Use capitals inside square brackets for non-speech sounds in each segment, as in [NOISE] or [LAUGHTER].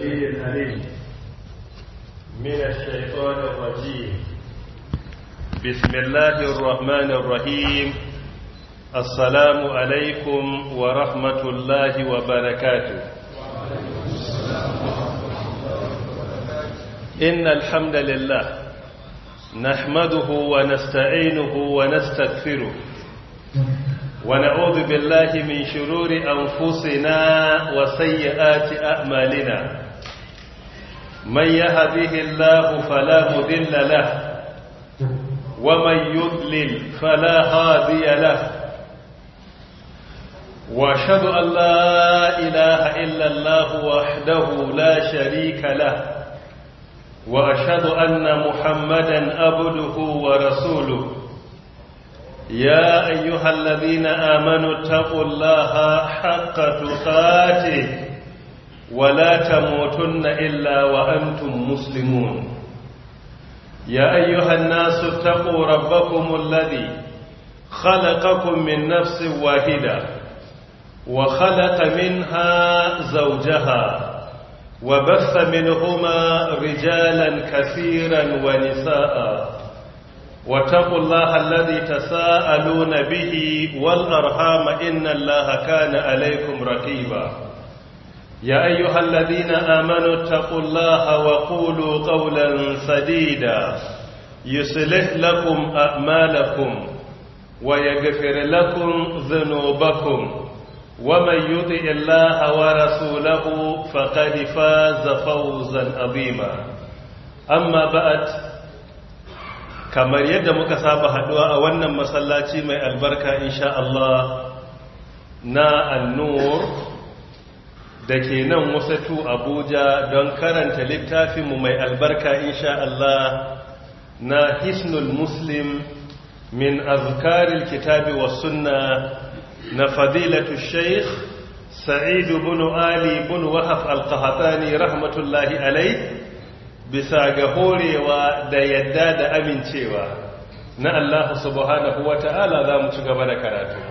العليم من الشيطان الرجيم بسم الله الرحمن الرحيم السلام عليكم ورحمة الله وبركاته إن الحمد لله نحمده ونستعينه ونستغفره ونعوذ بالله من شرور أنفسنا وسيئات أعمالنا من يهده الله فلا مذل له ومن يضلل فلا هادي له واشهد ان لا اله الا الله وحده لا شريك له واشهد ان محمدا عبده ورسوله يا ايها الذين امنوا اتقوا الله حق تقاته wala ta motun na illa wa amtun muslimun ya ayyuhan nasu taɓo rabbakun ladi khalaqakum min nafsin wahida wa khalaqa minha zawjaha wa basa min huma rijalan kasiran wa nisa'a wa taɓo lahalladi ta sa’alo na bihi wal’arha ma’inan lahaka na alaikum raƙiba يا أيها الذين آمنوا اتقوا الله وقولوا قولا سديدا يصلح لكم أعمالكم ويغفر لكم ذنوبكم ومن يطع الله ورسوله فقد فاز فوزا عظيما أما بعد kamar yadda muka saba haduwa a wannan masallaci mai albarka insha Allah na annur da ke nan wasatu abuja don karanta littafinmu mai albarka insha Allah na hisnul muslim min azkaril kitabi wa sunna na fadilatu sheikh Sa'idu bunu ali Wahab wahaf alqahtani rahmatullahi alai bisa ga horewa da yadda da amincewa na Allah subhanahu wa ta'ala za mu ci gaba da karatu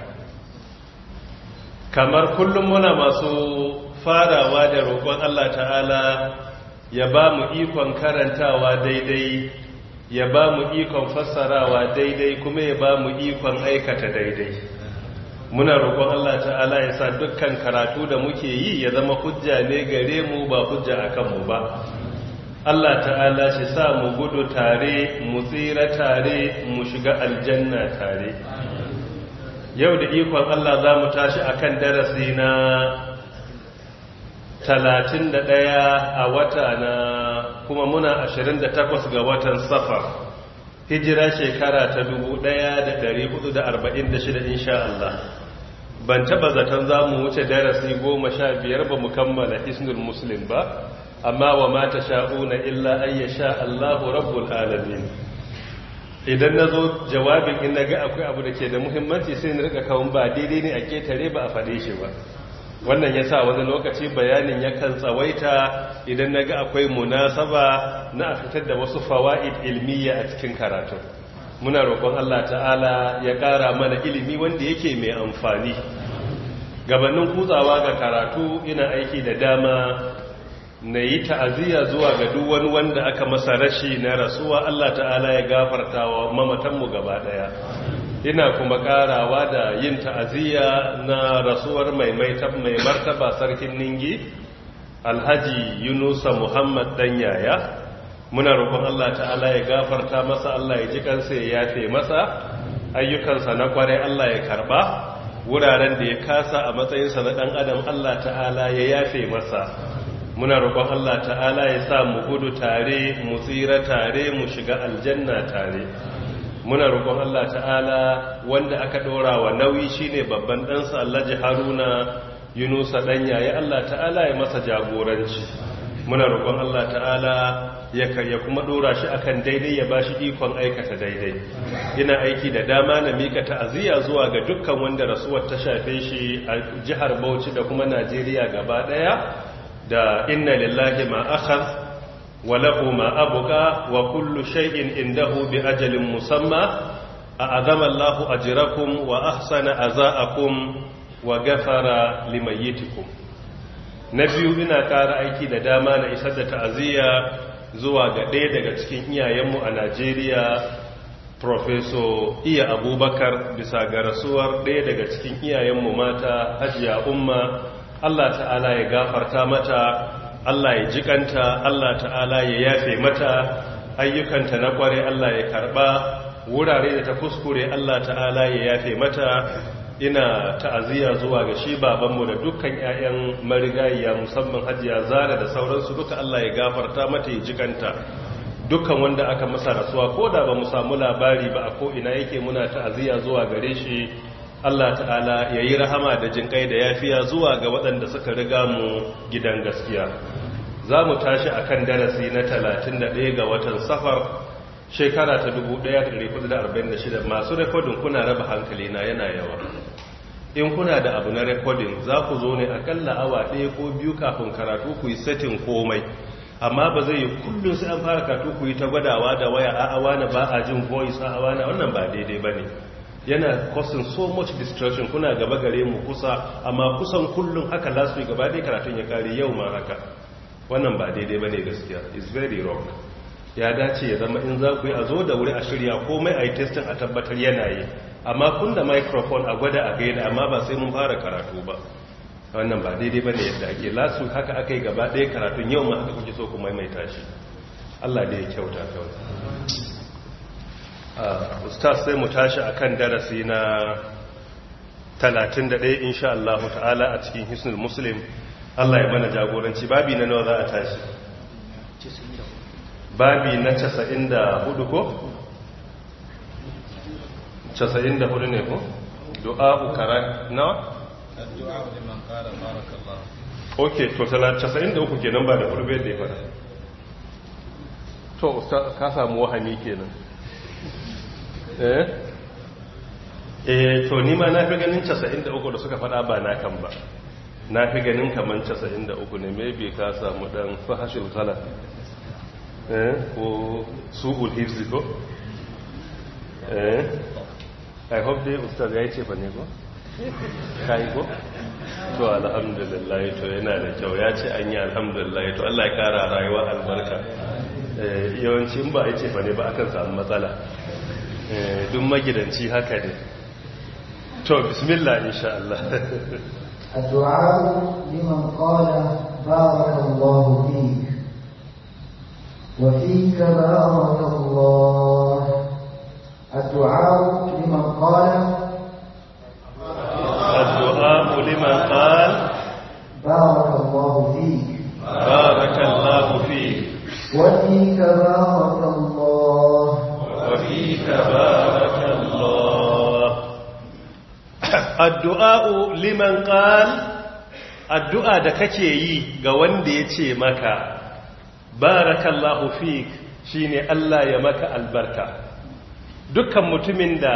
kamar kullum muna masu farawa da roƙon Allah ta'ala ya ba mu ikon karantawa daidai ya ba mu ikon fassarawa daidai kuma ya ba mu ikon aikata daidai muna roƙon Allah ta'ala ya sa dukkan karatu da muke yi ya zama hujja ne gare mu ba hujja a mu ba Allah ta'ala shi sa mu gudu tare mu tsira tare mu shiga aljanna tare yau da ikon Allah za mu tashi akan darasi na talatin da ɗaya a wata na kuma muna ashirin da takwas ga watan Safa, hijira shekara ta dubu ɗaya da ɗari hudu da arba'in da shida insha Allah ban taba zaton za mu wuce darasi goma sha biyar ba mu kammala isnul muslim ba amma wa mata sha'una illa an sha Allahu rabbul alamin idan na zo jawabin in na ga akwai abu da ke da muhimmanci sai na rika kawun ba daidai ne a ketare ba a faɗe shi ba wannan ya sa wani lokaci bayanin yakan tsawaita idan na ga akwai munasaba na a fitar da wasu fawa'id ilmiya a cikin karatu. muna roƙon Allah ta'ala ya ƙara mana ilimi wanda yake mai amfani gabanin kutsawa ga karatu ina aiki da dama na yi ta'aziyya zuwa ga duk wani wanda aka masa rashi na rasuwa Allah ta'ala ya gafarta wa mamatanmu gaba ɗaya ina kuma karawa da yin ta'aziyya na rasuwar mai mai martaba sarkin ningi alhaji yunusa muhammad dan yaya muna roƙon Allah ta'ala ya gafarta masa Allah ya ji kansa ya yafe masa ayyukansa na kwarai Allah ya karba wuraren da ya kasa a matsayinsa na ɗan adam Allah ta'ala ya yafe masa muna roƙon Allah ta'ala ya sa mu gudu tare mu tsira tare mu shiga aljanna tare muna rukun Allah ta'ala wanda aka ɗora wa nauyi shine babban ɗansa Alhaji Haruna Yunusa ɗan yayi Allah ta'ala ya masa jagoranci muna rukun Allah ta'ala ya karya kuma ɗora shi a kan daidai ya bashi ikon aikata daidai ina aiki da dama na mika ta'aziyya zuwa ga dukkan wanda rasuwar ta shafe shi a jihar Bauchi da kuma Najeriya gaba ɗaya da inna lillahi ma ma abuka wa kullu shai'in in bi ajalin musamma a azamar lahu a jira wa afsana aza'a kum wa gafara limayitiku na biyu ina kara aiki da dama na isar da ta'aziyya zuwa ga ɗaya daga cikin iyayenmu a najeriya furfeso iya abubakar bisa ga rasuwar ɗaya daga cikin iyayenmu mata hajiya umma allah ta'ala ya gafarta mata Allah ya jikanta Allah ta'ala ya yafe mata ayyukanta na kware Allah ya karba wurare da ta kuskure Allah ta'ala ya yafe mata ina ta'aziyya zuwa ga shi babanmu da dukkan 'ya'yan marigayiya musamman hajiya zara da sauransu duka Allah ya gafarta mata ya jikanta dukkan wanda aka masa rasuwa ko da ba mu samu labari ba a ko ina yake muna ta'aziyya zuwa gare shi Allah ta'ala ya yi rahama da kai da yafiya zuwa ga waɗanda suka riga mu gidan gaskiya za mu tashi a kan darasi na 31 ga watan safar shekara ta 1446 masu rekodin kuna raba hankali na yana yawa in kuna da abu na rekodin za ku zo ne akalla awa ɗaya ko biyu kafin karatu ku yi setin komai amma ba zai yi kullum sai an fara karatu ku yi ta gwadawa da waya a awana ba a jin voice a wannan ba daidai ba ne yana causing so much distraction kuna gaba gare mu kusa amma kusan kullum haka last week gaba dai karatun ya kare yau ma haka wannan ba daidai bane gaskiya is very wrong ya dace ya zama in za ku yi a zo da wuri a shirya komai a yi testin a tabbatar yana yi amma kun da microphone a gwada a gaida amma ba sai mun fara karatu ba wannan ba daidai ba ne yadda ake lasu haka aka yi gaba ɗaya karatun yau ma haka kuke so ku maimaita shi allah da ya kyauta kyauta Uh, ustaz sai mu tashi akan darasi na 31 insha Allah ta'ala a cikin hisnul muslim Allah ya mana jagoranci babi na nawa za a tashi babi na 94 ko 94 ne ko du'a ukara nawa addu'a liman qala barakallah okay to 93 kenan ba da furbe da ya fara to ka samu wahami kenan Eh? eh to ni ma na fi ganin 93 da suka faɗa ba na kan ba na fi ganin kamar 93 ne maybe ka samu dan fahashil kala eh ko su'ul hifzi ko eh i hope dai ustaz ya ce bane ne ko kai ko to alhamdulillah to yana da kyau ya ce an yi alhamdulillah to Allah ya kara rayuwa albarka eh, yawancin ba ya ce bane ne ba akan samu matsala duk magidanci haka ne to bismillah insha Allah addu'a liman qala barakallahu fik wa fika barakallah addu'a liman qala addu'a liman qala barakallahu fik barakallahu fik wa fika barakallahu تبارك الله الدعاء لمن قال addu'a da kake yi ga wanda ya ce maka barakallahu fik shine Allah ya maka albarka dukkan mutumin da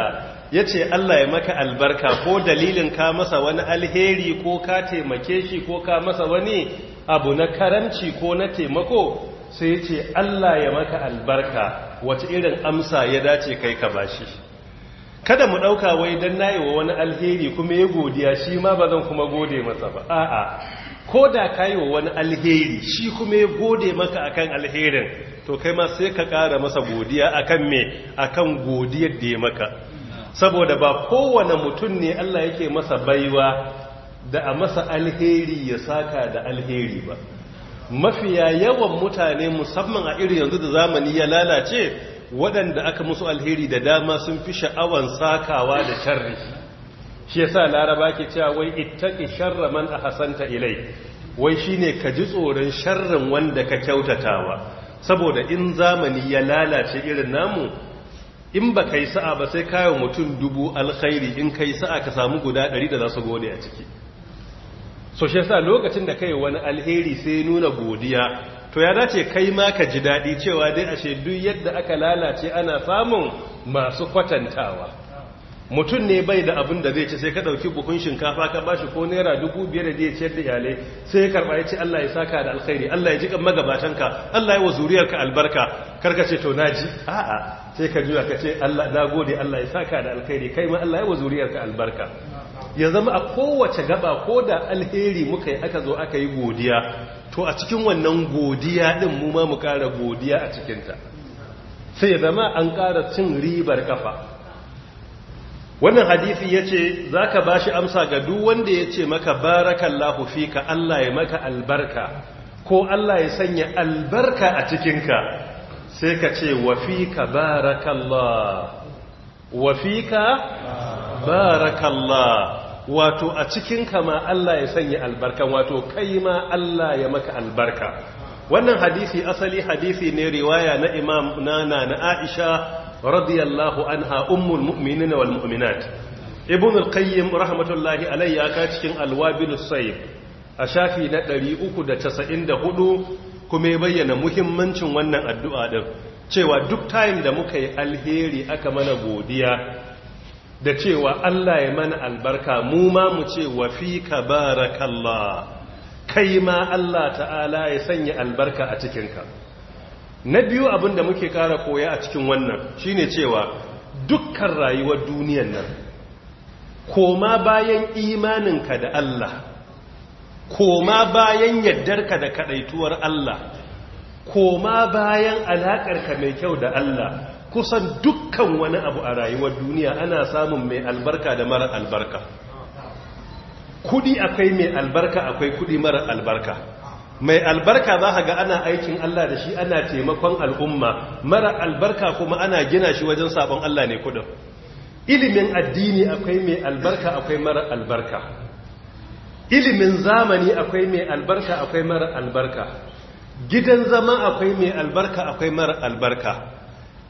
ya Allah ya maka albarka ko dalilin ka masa wani alheri ko ka taimake shi ko ka masa wani abu na karanci ko na taimako sai ce Allah ya maka albarka wace irin amsa ya dace kai ka bashi kada mu ɗauka wai dan nayi wa wani alheri kuma ya godiya shi ma ba zan kuma gode masa ba a'a ko da ka wa wani alheri shi kuma ya gode maka akan alherin to kai ma sai ka kara masa godiya akan me akan godiyar da ya maka saboda ba kowane mutum ne Allah yake masa baiwa da a masa alheri ya saka da alheri ba mafiya yawan mutane musamman a irin yanzu da zamani ya lalace waɗanda aka musu alheri da dama sun fi sha'awan sakawa da sharri shi yasa laraba ke cewa wai ittaqi sharra man ahsanta ilai wai shine ka ji tsoron sharrin wanda ka kyautatawa saboda in zamani ya lalace irin namu in ba yi sa'a ba sai kayan mutum dubu alkhairi in kai sa'a ka samu guda ɗari da za su gode a ciki so shi yasa lokacin da kai wani alheri sai nuna godiya to ya dace kai ma ka ji dadi cewa dai ashe duk yadda aka lalace ana samun masu kwatantawa mutum ne bai da abin da zai ce sai ka ɗauki buhun shinkafa ka bashi ko naira dubu biyar da zai ciyar da iyalai sai ya karɓa ya ce Allah ya saka da alkhairi Allah ya ji kan magabatanka Allah ya wa zuriyarka albarka kar ka ce to naji a'a sai ka juya ka ce Allah na gode Allah ya saka da alkhairi kai ma Allah ya wa zuriyarka albarka ya zama a kowace gaba ko da alheri muka yi aka zo aka yi godiya to a cikin wannan godiya din mu ma mu ƙara godiya a cikinta sai ya zama an ƙara cin ribar kafa wannan hadisi ya ce za ka ba shi amsa ga duk wanda ya ce maka barakallahu fika Allah ya maka albarka ko Allah ya sanya albarka a cikinka sai ka ce wafika barakallah ka. barakallah wato a cikin kama Allah ya sanya albarka wato kai ma Allah ya maka albarka wannan hadisi asali hadisi ne riwaya na imam nana na Aisha radiyallahu anha ummul mu'minin wal mu'minat ibn al-qayyim rahmatullahi alayhi ka cikin alwabil sayyib a shafi na 394 kuma ya bayyana muhimmancin wannan addu'a din cewa duk time da muka yi alheri aka mana godiya da cewa Allah ya mana albarka mu ma mu ce wa fi ka barakallah kai ma Allah ta'ala ya sanya albarka a cikinka na biyu abinda muke kara koya a cikin wannan shine cewa dukkan rayuwar duniyan nan koma bayan imaninka da Allah koma bayan yaddarka da kaɗaituwar Allah koma bayan alaƙarka mai kyau da Allah kusan dukkan wani abu a rayuwar duniya ana samun mai albarka da mara albarka kudi akwai mai albarka akwai kudi mara albarka mai albarka za ga ana aikin Allah da shi ana taimakon al'umma mara albarka kuma ana gina shi wajen sabon Allah ne kudin ilimin addini akwai mai albarka akwai mara albarka ilimin zamani akwai mai albarka akwai mara albarka gidan zama akwai mai albarka akwai mara albarka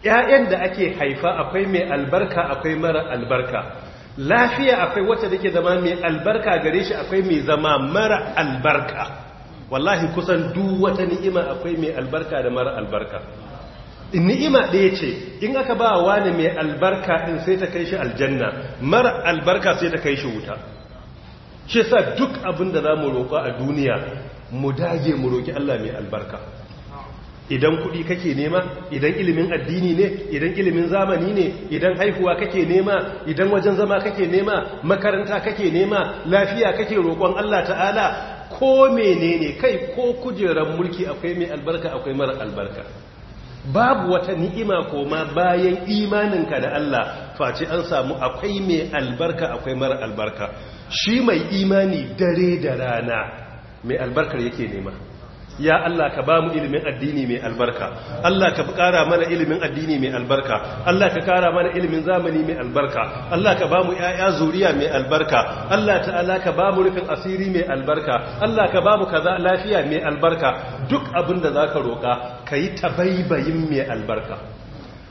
‘ya'yan da ake haifa akwai mai albarka akwai mara albarka lafiya akwai wacce da ke zama mai albarka gare shi akwai mai zama mara albarka wallahi kusan duk wata ni'ima akwai mai albarka da mara albarka ni'ima ɗaya ce in aka ba wa ne mai albarka ɗin sai ta kai shi aljanna mara albarka sai ta kai shi wuta shi sa duk abin da za mu roƙa a duniya mu dage mu roƙi Allah mai albarka idan kuɗi kake nema idan ilimin addini ne idan ilimin zamani ne idan haihuwa kake nema idan wajen zama kake nema makaranta kake nema lafiya kake roƙon Allah ta'ala ko menene kai ko kujeran mulki akwai mai albarka akwai mara albarka babu wata ni'ima koma bayan imaninka da Allah face an samu akwai mai albarka akwai mara albarka shi mai imani dare da rana mai albarkar yake nema ya Allah ka ba mu ilimin addini mai albarka Allah ka kara mana ilimin addini mai albarka Allah ka kara mana ilimin zamani mai albarka Allah ka ba mu yaya zuriya mai albarka Allah ta'ala ka ba mu rufin asiri mai albarka Allah ka ba mu kaza lafiya mai albarka duk abin da ka roka kai tabaibayin mai albarka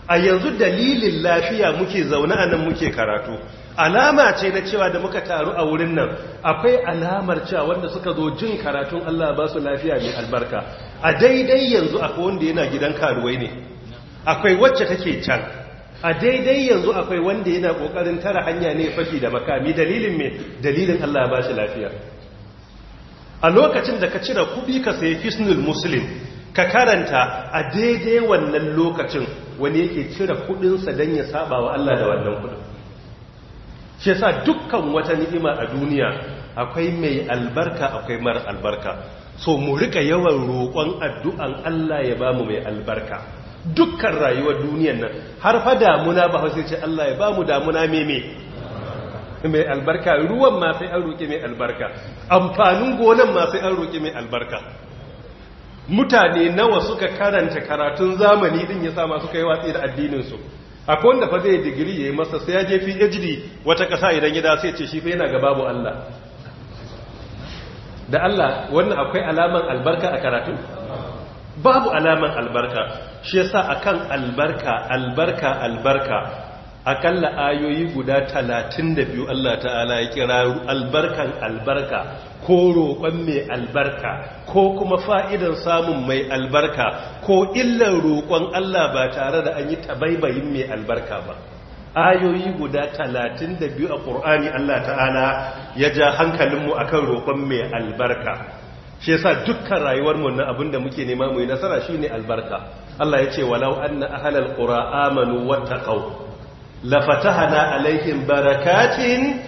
a yanzu dalilin lafiya muke zaune a nan muke karatu alama ce na cewa da muka taru a wurin nan akwai alamar cewa wanda suka zo jin karatun Allah ba su lafiya mai albarka a daidai yanzu akwai wanda yana gidan karuwai ne akwai wacce take can a daidai yanzu akwai wanda yana kokarin tara hanya ne fashi da makami dalilin me dalilin Allah ba shi lafiya a lokacin da ka cire kuɗi ka sayi fisnul muslim ka karanta a daidai wannan lokacin wani yake cire kuɗinsa don ya saba wa Allah da wannan kuɗi. shi sa dukkan wata ni'ima a duniya akwai mai albarka akwai mara albarka so mu rika yawan roƙon addu'an Allah ya bamu mai albarka dukkan rayuwar duniyar nan har fa damuna ba sai ce Allah ya bamu damuna meme mai albarka ruwan ma sai an roƙe mai albarka amfanin gonan ma sai an roƙe mai albarka mutane nawa suka karanta karatun zamani din ya sama suka yi watsi da addininsu akwai wanda fa zai digiri ya yi masa sai ya je fi ejidi wata kasa idan ya dace ce shi fa yana ga babu Allah da Allah wannan akwai alaman albarka a karatu babu alaman albarka shi yasa akan albarka albarka albarka akalla ayoyi guda talatin da biyu Allah ta'ala ya kira albarkan albarka ko roƙon mai albarka ko kuma fa'idan samun mai albarka ko illan roƙon Allah ba tare da an yi tabaibayin mai albarka ba ayoyi guda talatin da a ƙur'ani Allah ta'ala ya ja hankalinmu akan roƙon mai albarka shi yasa dukkan rayuwarmu na abin da muke nema mu yi nasara ne albarka Allah ya ce walau anna ahlal qura amanu kau. lafatahana alaihim barakatin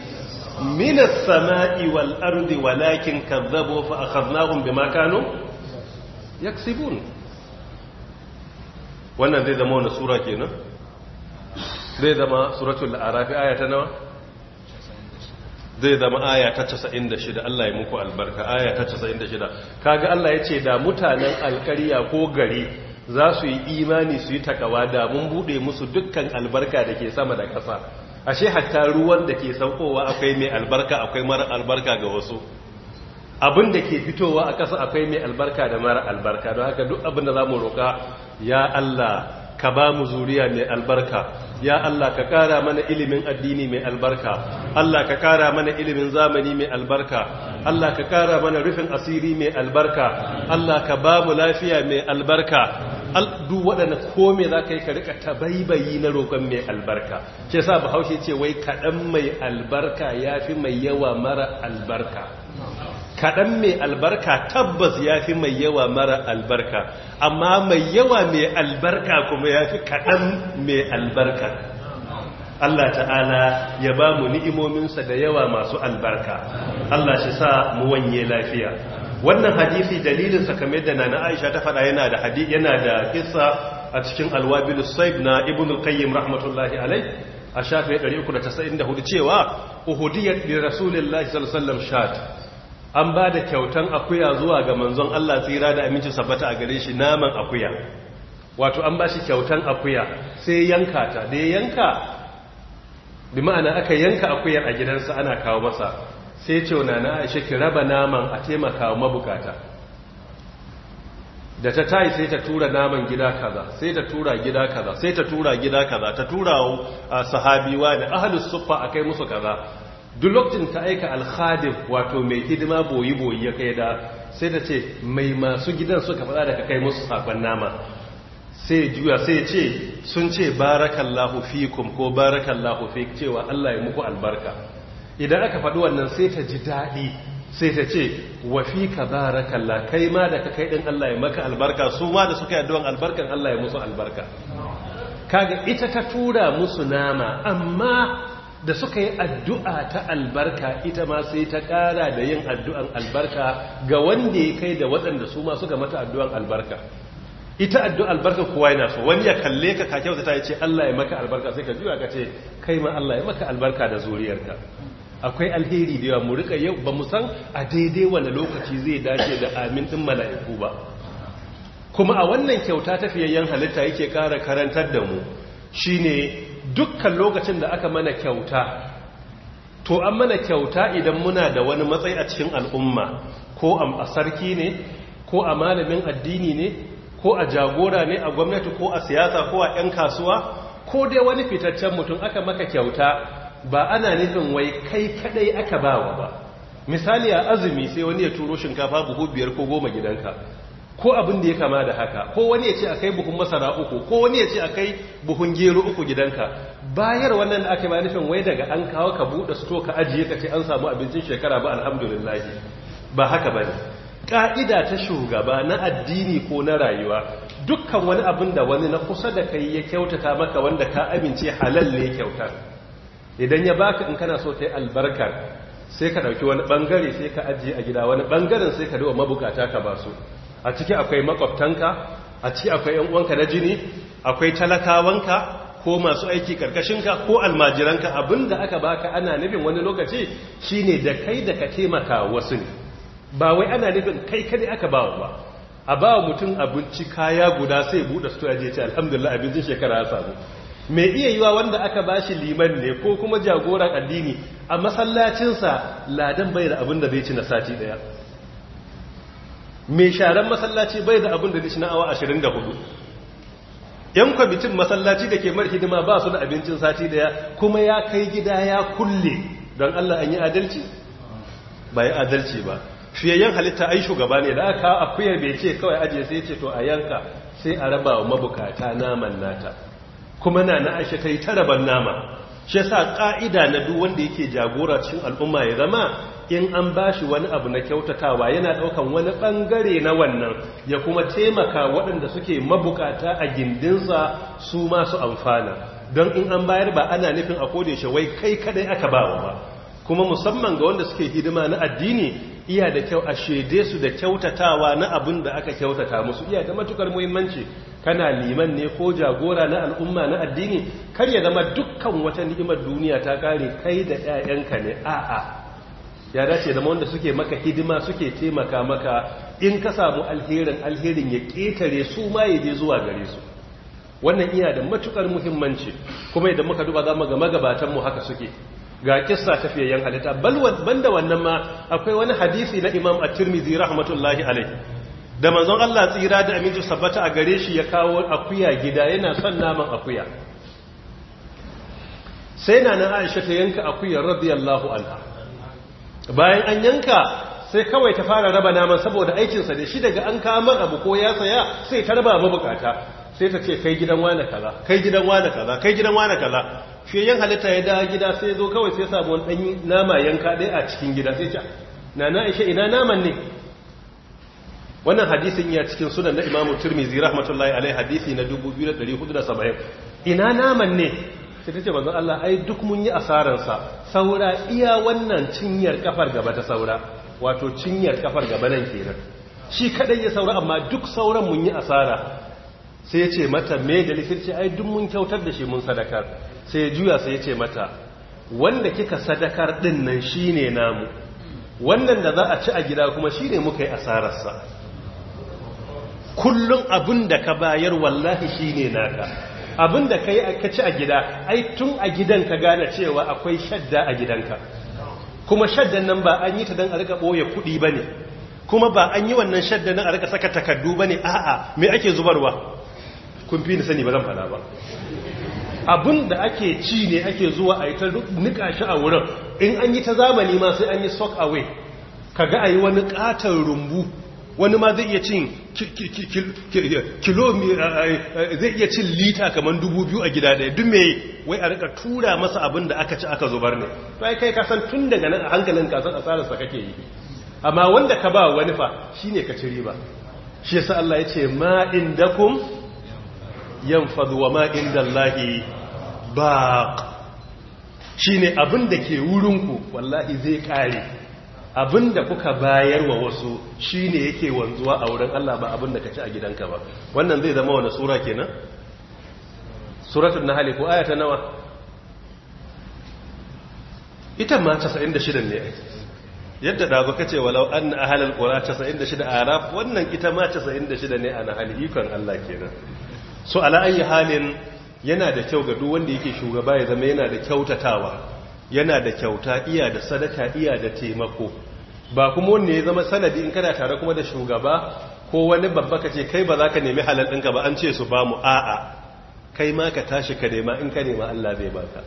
minas sama'i wal ardi walakin kazzabu fa akhadnahum bima kanu yaksibun wannan zai zama wani sura kenan zai zama suratul ta nawa zai zama aya ta 96 Allah ya muku albarka aya ta 96 kaga Allah ya ce da mutanen alkariya ko gari za su yi imani su yi takawa da mun bude musu dukkan albarka da ke sama da ƙasa ashe hatta ruwan da ke saukowa akwai mai albarka akwai mara albarka ga wasu abin da ke fitowa a ƙasa akwai mai albarka da mara albarka don haka duk abin da za mu roƙa ya Allah ka ba mu zuriya mai albarka ya Allah ka kara mana ilimin addini mai albarka Allah ka kara mana ilimin zamani mai albarka Allah ka kara mana rufin asiri mai albarka Allah ka ba mu lafiya mai albarka duk waɗanda kome za ka yi ka rika tabaibayi na roƙon mai albarka ke sa bahaushe ce wai kaɗan mai albarka ya fi mai yawa mara albarka kaɗan mai albarka tabbas ya fi mai yawa mara albarka amma mai yawa mai albarka kuma ya fi kaɗan mai albarka Allah ta'ala ya ba mu ni'imominsa da yawa masu albarka Allah shi sa mu wanye lafiya wannan hadisi dalilinsa kamar yadda na Aisha ta faɗa yana da hadisi yana da kissa a cikin alwabilus saib na ibn al-qayyim rahmatullahi alai a shafi 394 cewa uhudiyat li rasulillahi sallallahu alaihi wasallam shat an ba da kyautan akuya zuwa ga manzon Allah tsira da aminci sabata a gare shi naman akuya wato an ba shi kyautan akuya sai yanka ta da ya yanka bi ma'ana aka yanka akuya a gidansa ana kawo masa sai ce na aisha ki raba naman a taimaka mabukata da ta tayi sai ta tura naman gida kaza sai ta tura gida kaza sai ta tura gida kaza ta tura sahabiwa da ahlus suffa akai musu kaza duk lokacin ta aika alkhadif wato mai hidima boyi-boyi ya kai da sai ta ce mai masu gidan suka faɗa daga kai musu sakon nama sai juya sai ce sun ce barakallahu fikum ko barakallahu fik cewa Allah ya muku albarka idan aka faɗi wannan sai ta ji daɗi sai ta ce wa fika barakallah kai ma da ka kai ɗin Allah ya maka albarka su ma da suka yi addu'an albarkan Allah ya musu albarka kaga ita ta tura musu nama amma da suka yi addu'a ta albarka ita ma sai ta ƙara da yin addu'an albarka ga wanda ya kai da waɗanda su ma suka mata addu'an albarka ita addu'an albarka kuwa yana so wani ya kalle ka ka kyauta ta yi ce Allah ya maka albarka sai ka juya ka ce kai ma Allah ya maka albarka da zuriyarka akwai alheri da yawa mu rika yau ba mu san a daidai wani lokaci zai dace da amin din mala'iku ba kuma a wannan kyauta tafiyayyen halitta yake ƙara karantar da mu shine dukkan lokacin da aka mana kyauta to an mana kyauta idan muna da wani matsayi a cikin al'umma ko a sarki ne ko a malamin addini ne ko a jagora ne a gwamnati ko a siyasa ko a 'yan kasuwa ko dai wani fitaccen mutum aka maka kyauta ba ana nufin wai kai kadai aka bawa ba misali a azumi sai wani ya turo shinkafa buhu biyar ko goma gidanka ko abin da ya kama da haka ko wani ya ce a kai buhun masara uku ko wani ya ce a kai buhun gero uku gidanka bayar wannan da aka ma nufin wai daga an kawo ka buɗe to ka ajiye ka ce an samu abincin shekara ba alhamdulillah ba haka ba ne ƙa'ida ta shugaba na addini ko na rayuwa dukkan wani abin da wani na kusa da kai ya kyautata maka wanda ka amince halal ne kyauta idan ya baka in kana so ta yi albarkar sai ka ɗauki wani bangare sai ka ajiye a gida wani bangaren sai ka dawo mabukata ka ba su a ciki akwai makwabtanka a ciki akwai yan uwanka na jini akwai talakawanka ko masu aiki karkashinka ko almajiranka abinda aka baka ana nufin wani lokaci shine da kai da ka taimaka wasu ne ba wai ana nufin kai kadai aka ba wa ba a ba mutum abinci kaya guda sai buɗe su ya ce alhamdulillah abincin shekara ya samu mai iya yiwa wanda aka ba shi liman ne ko kuma jagoran addini a masallacinsa ladan bai da abin da zai ci na sati ɗaya? mai sharan masallaci bai da abin da dishi na awa 24 yan kwamitin masallaci da ke mar hidima ba su da abincin sati daya kuma ya kai gida ya kulle don Allah an yi adalci ba yi adalci ba fiyayyen halitta ai shugaba ne da aka akuyar bai ce kawai ajiye sai ce to a yanka sai a raba wa mabukata naman nata kuma na na ashe ta yi ta raban nama shi yasa ka'ida na duk wanda yake jagora cikin al'umma ya zama in an bashi wani abu na kyautatawa yana daukan wani bangare na wannan ya kuma taimaka waɗanda suke mabukata a gindinsa su masu amfana don in an bayar ba ana nufin a kode shi wai kai kadai aka wa ba kuma musamman ga wanda suke hidima na addini iya da kyau a shaide su da kyautatawa na abin da aka kyautata musu iya da matukar muhimmanci kana liman ne ko jagora na al'umma na addini kar ya zama dukkan wata ni'imar duniya ta kare kai da 'ya'yanka ne a'a ya dace da wanda suke maka hidima suke taimaka maka in ka samu alherin alherin ya ƙetare su ma ya je zuwa gare su wannan iya da matukar muhimmanci kuma idan muka duba za mu ga magabatanmu haka suke ga kissa tafiyayyen halitta banda wannan ma akwai wani hadisi na imam at-tirmidhi rahmatullahi alaihi da manzon Allah tsira da aminci sabbata a gare shi ya kawo akuya gida yana son naman akuya sai na nan Aisha ta yanka akuya radiyallahu anha bayan an yanka sai kawai ta fara raba naman saboda aikinsa da shi daga an kamar abu ko ya saya sai ta raba mabukata sai ta ce kai gidan wane kaza kai gidan wane kaza kai gidan wane kaza shi yan halitta ya dawo gida sai zo kawai sai sabu wani ɗanyi nama yanka ɗaya a cikin gida sai ce na na ishe ina naman ne wannan hadisin ya cikin sunan na imamu turmizi rahmatullahi alai hadisi na 2470 ina naman ne sai ta ce manzon Allah ai duk mun yi asararsa saura iya wannan cinyar kafar gaba ta saura wato cinyar kafar gaba nan kenan shi kadai ya saura amma duk sauran mun yi asara sai ya ce mata me da lifirci ai duk mun kyautar da shi mun sadakar sai ya juya sai ya ce mata wanda kika sadakar din nan shine namu wannan da za a ci a gida kuma shine muka yi asararsa kullum abin da ka bayar wallahi shine naka abin da ka ci a gida ai tun a gidan ka gane cewa akwai shadda a gidanka kuma shaddan nan ba an yi ta don a rika ɓoye kuɗi ba ne kuma ba an yi wannan shaddan nan a rika saka takardu ba ne a'a me ake zubarwa kun fi ni sani ba zan faɗa ba abin da ake ci ne ake zuwa a yi ta nika shi a wurin in an yi ta zamani ma sai an yi sok away kaga a yi wani katon rumbu wani ma zai iya cin lita kamar dubu biyu a gida ɗaya duk mai wai a rika tura masa abin da aka ci aka zubar ne to ai kai kasan tun daga nan a hankalin kasan asararsa kake yi amma wanda ka ba wani fa shi ne ka ci riba shi yasa Allah ya ce ma indakum yanfadu wa ma indallahi baq ne abin da ke wurinku wallahi zai kare Abin da kuka bayar wa wasu shine yake wanzuwa a wurin Allah ba abin da ka ci a gidanka ba wannan zai zama wani tsura kenan nan? nahl ko aya ta nawa ita ma 96 ne yadda da ka ce walau anna ahlal shida 96 araf wannan ita ma 96 ne a na ikon Allah kenan so ala halin yana da kyau ga duk wanda yake shugaba ya zama yana da kyautatawa yana da kyauta iya da sadaka iya da taimako ba kuma wanne ya zama sanadi in kana tare kuma da shugaba ko wani babba ka ce kai ba za ka nemi halal ɗinka ba an ce su ba mu a'a kai ma ka tashi ka nema in ka nema Allah zai baka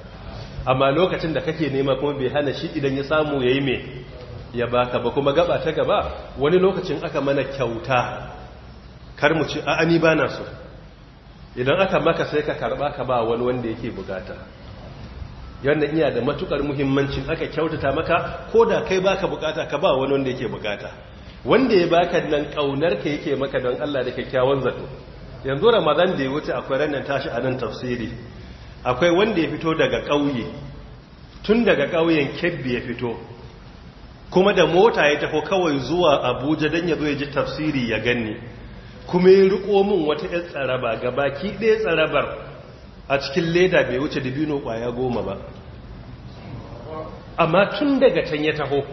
amma lokacin da kake nema kuma bai hana shi idan ya samu ya yi me ya baka ba kuma gaba ta gaba wani lokacin aka mana kyauta kar mu ci a'a ni bana so idan aka maka sai ka karba ka ba wani wanda yake bukata yadda iya da matukar muhimmancin aka kyautata maka ko da kai baka bukata ka ba wani wanda yake bukata wanda ya baka nan kaunar ka yake maka don Allah da kyakkyawan zato yanzu ramadan da ya wuce akwai ranar tashi a nan tafsiri akwai wanda ya fito daga ƙauye tun daga ƙauyen kebbi ya fito kuma da mota ya tafi kawai zuwa abuja don ya zo ya ji tafsiri ya gani kuma ya riko min wata yar tsaraba gabaki ɗaya tsarabar a cikin leda bai wuce dibino kwaya goma ba amma tun daga can ya taho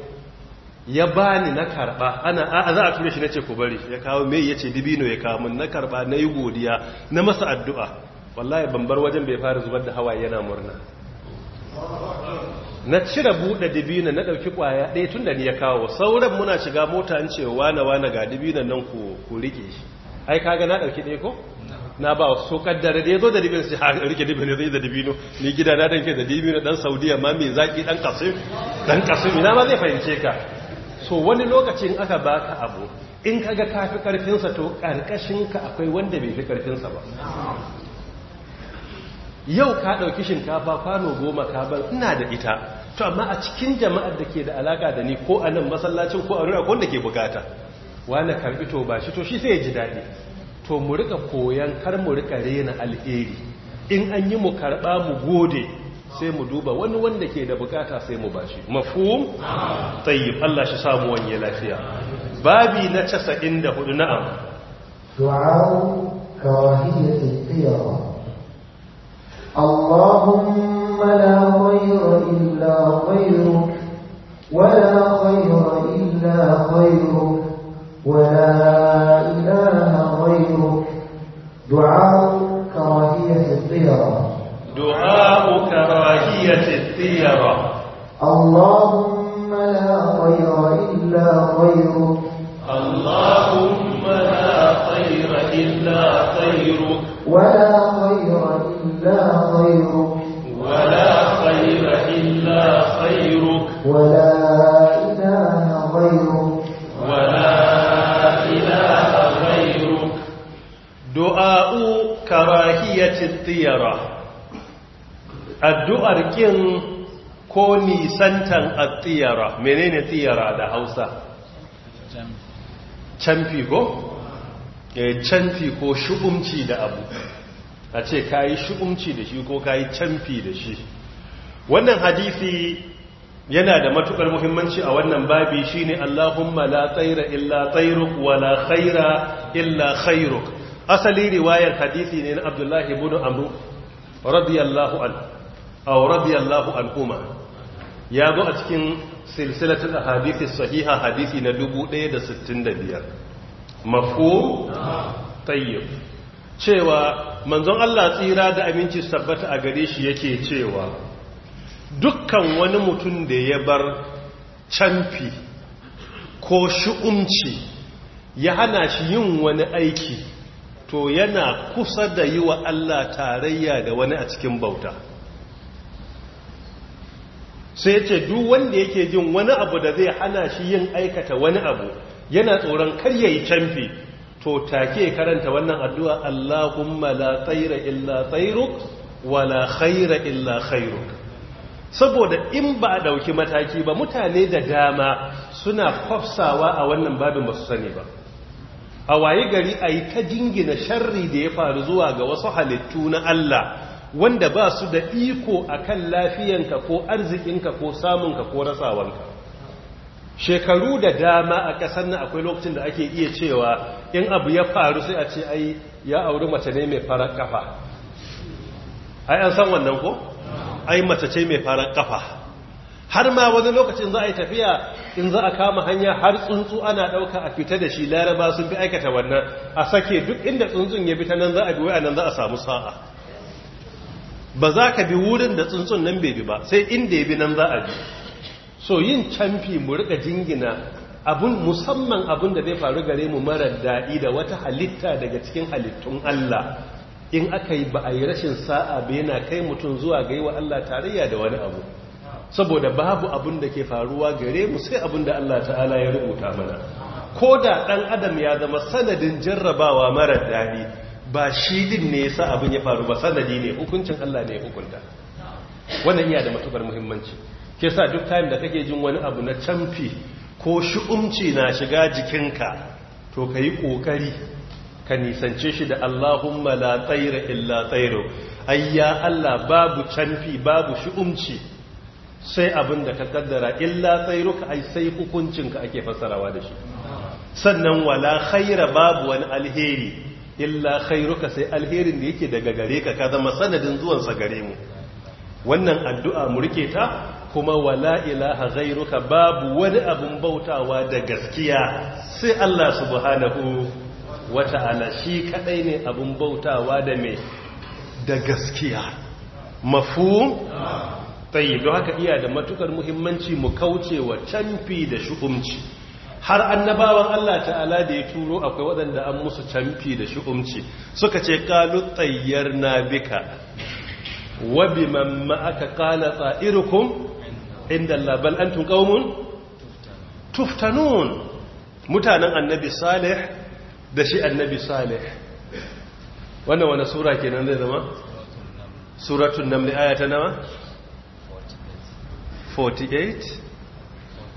ya bani na karba ana a za a tura shi na ce ku bari ya kawo mai ya ce dibino ya kawo na karba na yi godiya na masa addu'a wallahi bambar wajen bai fara zubar da hawa yana murna na cire buɗe dibino na ɗauki kwaya ɗaya tun da ni ya kawo sauran muna shiga mota an ce wane wane ga dibino nan ku rike shi ai kaga na ɗauki ɗaya ko na ba su kaddara da ya zo da dibin su har rike dibino zai da dibino ni gida na danke da dibino dan saudiya ma mai zaki dan kasim dan kasim ina ma zai fahimce ka so wani lokacin aka baka abu in kaga kafi ƙarfinsa to karkashin ka akwai wanda bai fi karfinsa ba yau ka ɗauki shinkafa kwano goma ka bar ina da ita to amma a cikin jama'ar da ke da alaka da ni ko a nan masallacin ko a rura ko wanda ke bukata wani karbi to ba shi to shi sai ya ji daɗi to mu rika koyan kar mu rika rena alheri in an yi mu karɓa mu gode sai mu duba wani wanda ke da bukata sai mu bashi mafhum tayyib Allah shi samu wani lafiya babi na 94 na'am du'a ka al-qiyama Allahumma la khayra illa khayruk wa la khayra illa khayruk ولا إله غيرك دعاء كراهية الطيرة دعاء كراهية الطيرة اللهم لا خير إلا غيرك اللهم لا خير إلا خيرك ولا خير إلا خيرك ولا خير إلا خيرك ولا tiyara addu'ar kin ko nisantan attiyara menene tiyara da hausa canfi ko eh, canfi ko shubumci da abu a ce ka yi shubumci da shi ko ka yi canfi da shi wannan hadisi yana da matukar muhimmanci a wannan babi shine Allahumma la tsaira illa tsairuk wa la khaira illa khairuk asali riwayar hadisi ne na abdullahi ibn amru radiyallahu an aw radiyallahu kuma ya zo a cikin silsilatul ahadithi sahiha hadisi na 1065 Mafu, tayyib cewa manzon Allah tsira da aminci sabbata a gare shi yake cewa dukkan wani mutum da ya bar canfi ko shi'umci ya hana shi yin wani aiki to yana kusa da yi wa Allah tarayya da wani a cikin bauta sai ce duk wanda yake jin wani abu da zai hana shi yin aikata wani abu yana tsoron yi canfi to take karanta wannan addu'a Allahumma la tsaira illa tsairuk wa la khaira illa khairuk saboda in ba a ɗauki mataki ba mutane da dama suna kwafsawa a wannan babin ba su sani ba a waye gari a yi ta jingina sharri da ya faru zuwa ga wasu halittu na Allah wanda ba su da iko a kan lafiyanka ko arzikinka ko samunka ko rasawanka shekaru da dama a ƙasar na akwai lokacin da ake iya cewa in abu ya faru sai a ce ai ya auri mace ne mai farar kafa ai an san wannan ko ai mace ce mai farar kafa har ma wani lokacin za a yi tafiya in za a kama hanya har tsuntsu ana ɗauka a fita da shi laraba sun fi aikata wannan a sake duk inda tsuntsun ya bi ta nan za a bi nan za a samu sa'a ba za ka bi wurin da tsuntsun nan bai bi ba sai inda ya bi nan za a bi so yin camfi mu rika jingina abun musamman abun da zai faru gare mu mara daɗi da wata halitta daga cikin halittun Allah in aka yi ba a yi rashin sa'a ba yana kai mutum zuwa ga yi wa Allah tarayya da wani abu saboda babu abin da ke faruwa gare mu sai abin da Allah ta'ala ya rubuta mana ko da ɗan adam ya zama sanadin jarrabawa mara daɗi ba shi din ne sa abin ya faru ba sanadi ne hukuncin Allah ne hukunta wannan iya da matukar muhimmanci ke sa duk time da kake jin wani abu na camfi ko shi'umci na shiga jikinka to ka yi ƙoƙari ka nisance shi da Allahumma la tsaira illa tsairo ayya Allah babu camfi babu shi'umci sai abin da ka kaddara illa tsairuka ai sai hukuncinka ake fassarawa da shi sannan wala khaira babu wani alheri illa khairuka sai alherin da yake daga gare ka ka zama sanadin zuwan sa gare mu wannan addu'a mu rike ta kuma wala ilaha ghairuka babu wani abun bautawa da gaskiya sai Allah subhanahu wata'ala shi kadai ne abun bautawa da me da gaskiya mafhum tayyib don haka iya da matukar muhimmanci mu kauce wa canfi da shukumci har annabawan Allah ta'ala da ya turo akwai waɗanda an musu canfi da shukumci suka ce qalu na bika wa ma aka qala tsairukum? inda Allah bal antum qaumun tuftanun mutanen annabi salih da shi annabi salih wannan wani sura kenan zai zama suratul naml aya ta nawa 47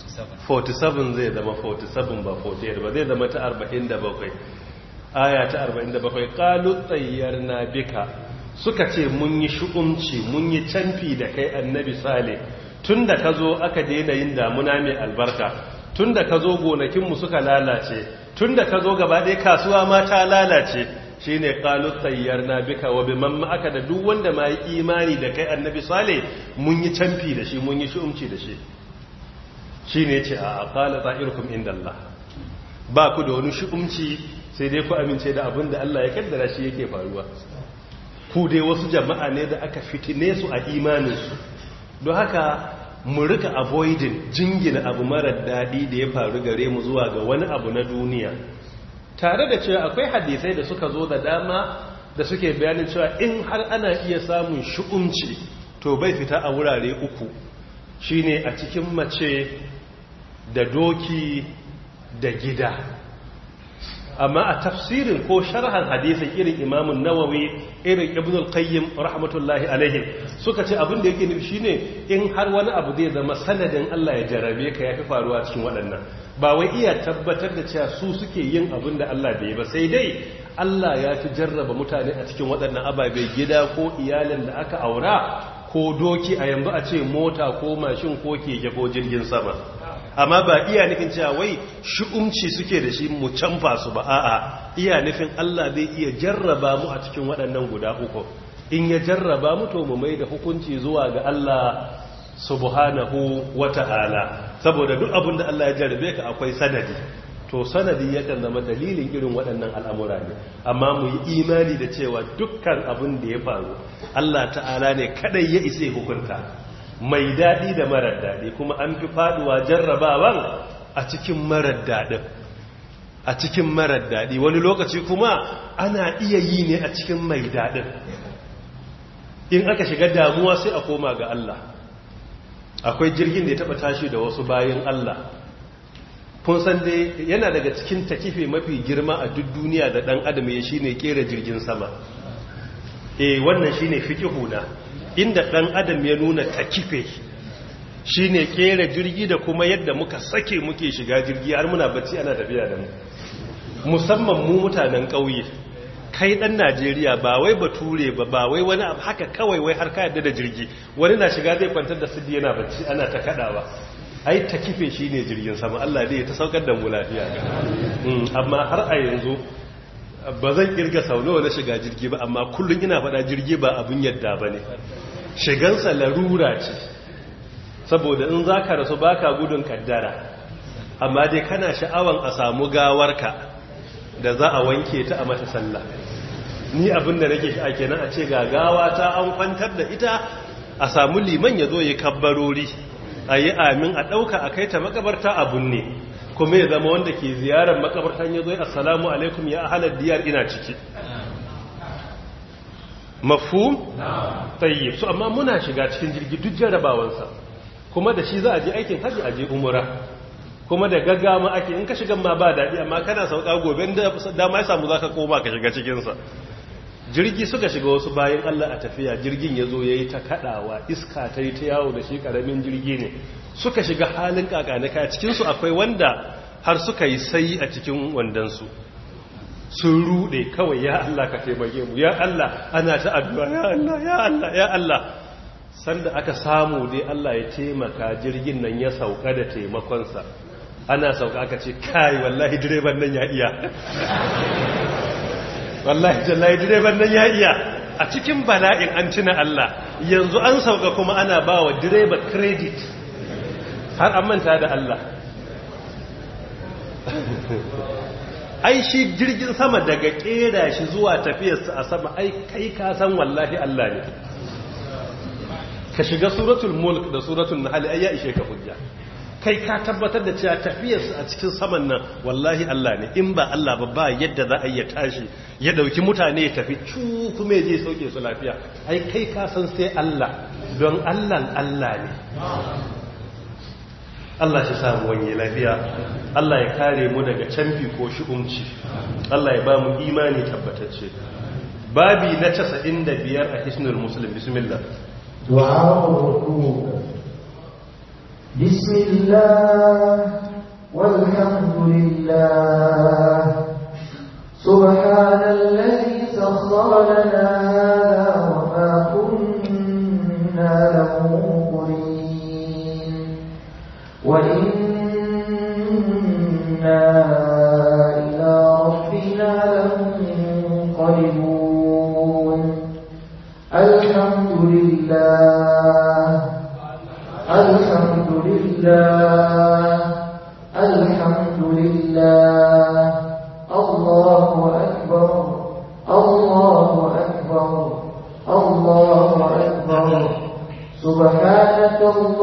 zai zama 47 ba 48 ba zai zama ta 47 aya ta 47 qalu na bika suka ce mun yi shukunci mun yi canfi da kai annabi sale da ka zo aka daina yin damuna mai albarka da ka zo gonakinmu suka lalace da ka zo gaba ɗaya kasuwa ma ta lalace Shi shine qalu na bika wa mamma aka da duk wanda ma yi imani da kai annabi sale mun yi canfi da shi mun yi shi'umci da shi Shi ne ce, a qala za'irukum inda Allah ba ku da wani shi'umci sai dai ku amince da abin da Allah ya kaddara shi yake faruwa ku dai wasu jama'a ne da aka fitine su a imaninsu don haka mu rika avoidin jingina abu marar daɗi da ya faru gare mu zuwa ga wani abu na duniya tare da cewa akwai hadisai da suka zo da dama da suke bayanin cewa in har ana iya samun shiunci to bai fita a wurare uku shine a cikin mace da doki da gida amma a tafsirin ko sharhan hadisin irin imamun nawawi irin ibn al-qayyim rahmatullahi alaihi suka ce abin da yake nufi shine in har wani abu zai zama sanadin Allah ya jarabe ka yafi faruwa cikin waɗannan ba wai iya tabbatar da cewa su suke yin abin da Allah bai ba sai dai Allah ya fi jarraba mutane a cikin waɗannan ababe gida ko iyalin da aka aura ko doki a yanzu a ce mota ko mashin ko keke ko jirgin sama amma ba iya nufin cewa wai shi'umci suke da shi mu canfa su ba a'a iya nufin Allah zai iya jarraba mu a cikin waɗannan guda uku in ya jarraba mu to mu mai da hukunci zuwa ga Allah subhanahu wa ta'ala. saboda duk abin da Allah ya jarrabe ka akwai sanadi to sanadi yakan zama dalilin irin waɗannan al'amura ne amma mu yi imani da cewa dukkan abin da ya faru Allah ta'ala ne kadai ya isa hukunta mai daɗi da marar daɗi kuma an fi faɗuwa jarrabawan a cikin marar daɗin a cikin marar daɗi wani lokaci kuma ana iya yi ne a cikin mai daɗin in aka shiga damuwa sai a koma ga Allah akwai jirgin da ya taɓa tashi da wasu bayan Allah kun san dai yana daga cikin takife mafi girma a duk duniya da ɗan adam ya ne kera jirgin sama eh wannan shi ne shine na. inda ɗan adam ya nuna takife shine kera jirgi da kuma yadda muka sake muke shiga jirgi har muna bacci ana tafiya da mu musamman mu mutanen ƙauye kai ɗan Najeriya ba wai bature ba ba wai wani abu haka kawai wai har ka yadda da jirgi wani na shiga zai kwantar da sidi yana bacci ana ta kaɗawa. ai ta kife shine jirgin sama Allah ne ta saukar da mu lafiya hmm, amma har a yanzu ba zan kirga nawa na shiga jirgi ba amma kullum ina fada jirgi ba abin yadda ba ne shigansa larura ce saboda in za ka rasu baka gudun kaddara amma dai kana sha'awan a samu gawarka da za a wanke ta a mata sallah ni abin da nake sha'a kenan a ce ga gawa ta an kwantar da ita a samu liman ya zo ya kabbarori a yi amin a ɗauka a kai ta makabarta abun ne kuma ya zama wanda ke ziyarar makabartan ya zo assalamu alaikum ya ahalar diyar ina ciki mafu yi. su amma muna shiga cikin jirgi duk jarabawansa kuma da shi za a je aikin haji a je umura kuma da gaggama ake in ka shiga ma ba daɗi amma kana sauka gobe dama ya samu za ka koma ka shiga cikinsa jirgi suka shiga wasu bayan allah a tafiya jirgin ya zo ya yi ta kaɗawa iska ta yi ta yawo da shi ƙaramin jirgi ne suka shiga halin kakanika a cikinsu akwai wanda har suka yi sai a cikin wandansu sun rude kawai ya Allah ka taimake mu ya Allah ana ta addu'a ya Allah ya Allah ya Allah sanda aka samu dai Allah ya taimaka jirgin nan ya sauka da taimakonsa ana sauka aka ce kai wallahi direban nan ya iya [LAUGHS] wallahi jallahi direban nan ya iya a cikin bala'in an tuna Allah yanzu an sauka kuma ana ba wa direba credit har an manta da Allah ai shi jirgin sama daga ƙera shi zuwa tafiyarsa a sama ai kai ka san wallahi Allah ne ka shiga suratul mulk da suratul nahl ai ya ishe ka hujja kai ka tabbatar da cewa tafiyarsa a cikin saman nan wallahi Allah ne in ba Allah ba ba yadda za a yi tashi ya dauki mutane ya tafi cu kuma je sauke su lafiya ai kai ka san sai Allah don Allah Allah ne Allah shi samu wanye lafiya Allah ya kare mu daga canfi ko shiunci, Allah ya ba mu imani tabbatacce babi na 95 a hisnul muslim bismillah du'a ruku bismillah walhamdulillah subhanallazi sakhkhara lana hadha wa ma kunna lahu وإنا إلى ربنا لمنقلبون الحمد لله الحمد لله الحمد لله الله أكبر الله أكبر الله أكبر سبحانك الله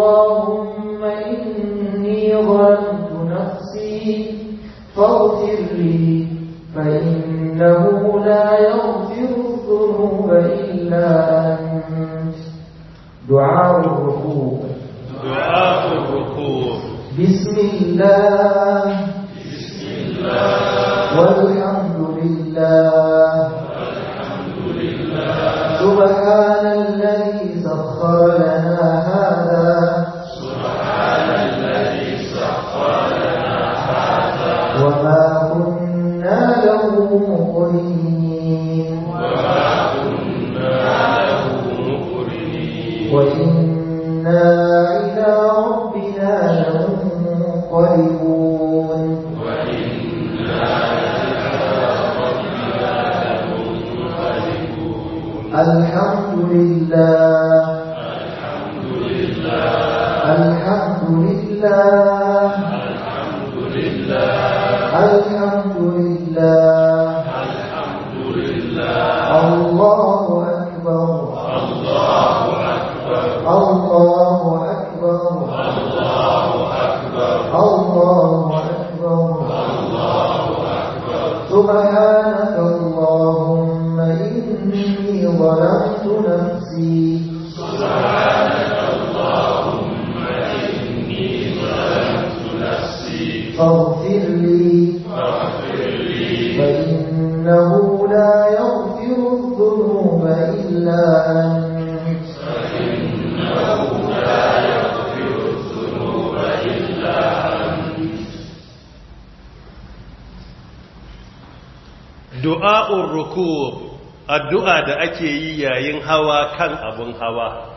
addu'a da ake yi yayin hawa kan abin hawa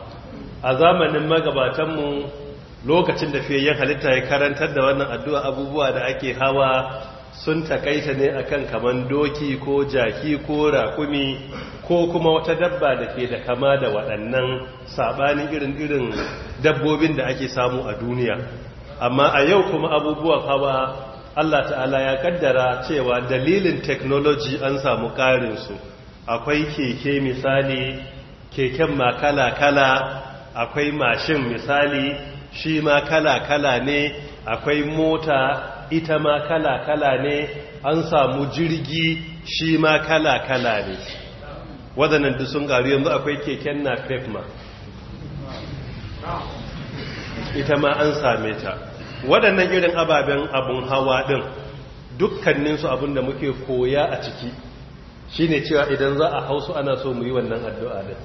a zamanin magabatanmu lokacin da fiye yin halitta ya karantar da wannan addu'a abubuwa da ake hawa sun takaita ne akan kaman doki ko jaki ko rakumi ko kuma wata dabba da ke da kama da waɗannan saɓanin irin-irin dabbobin da ake samu a duniya amma a yau kuma abubuwan hawa Allah ta'ala ya kaddara cewa dalilin technology an samu ƙarinsu akwai keke misali keken ma kala-kala akwai mashin misali shi ma kala-kala ne akwai mota ita ma kala-kala ne an samu jirgi shi ma kala-kala ne waɗannan duk sun garu yanzu akwai keken na ma ita ma an same ta waɗannan irin ababen abun hawa ɗin dukkaninsu abin da muke koya a ciki shine cewa idan za a hausu ana so mu yi wannan addu'a din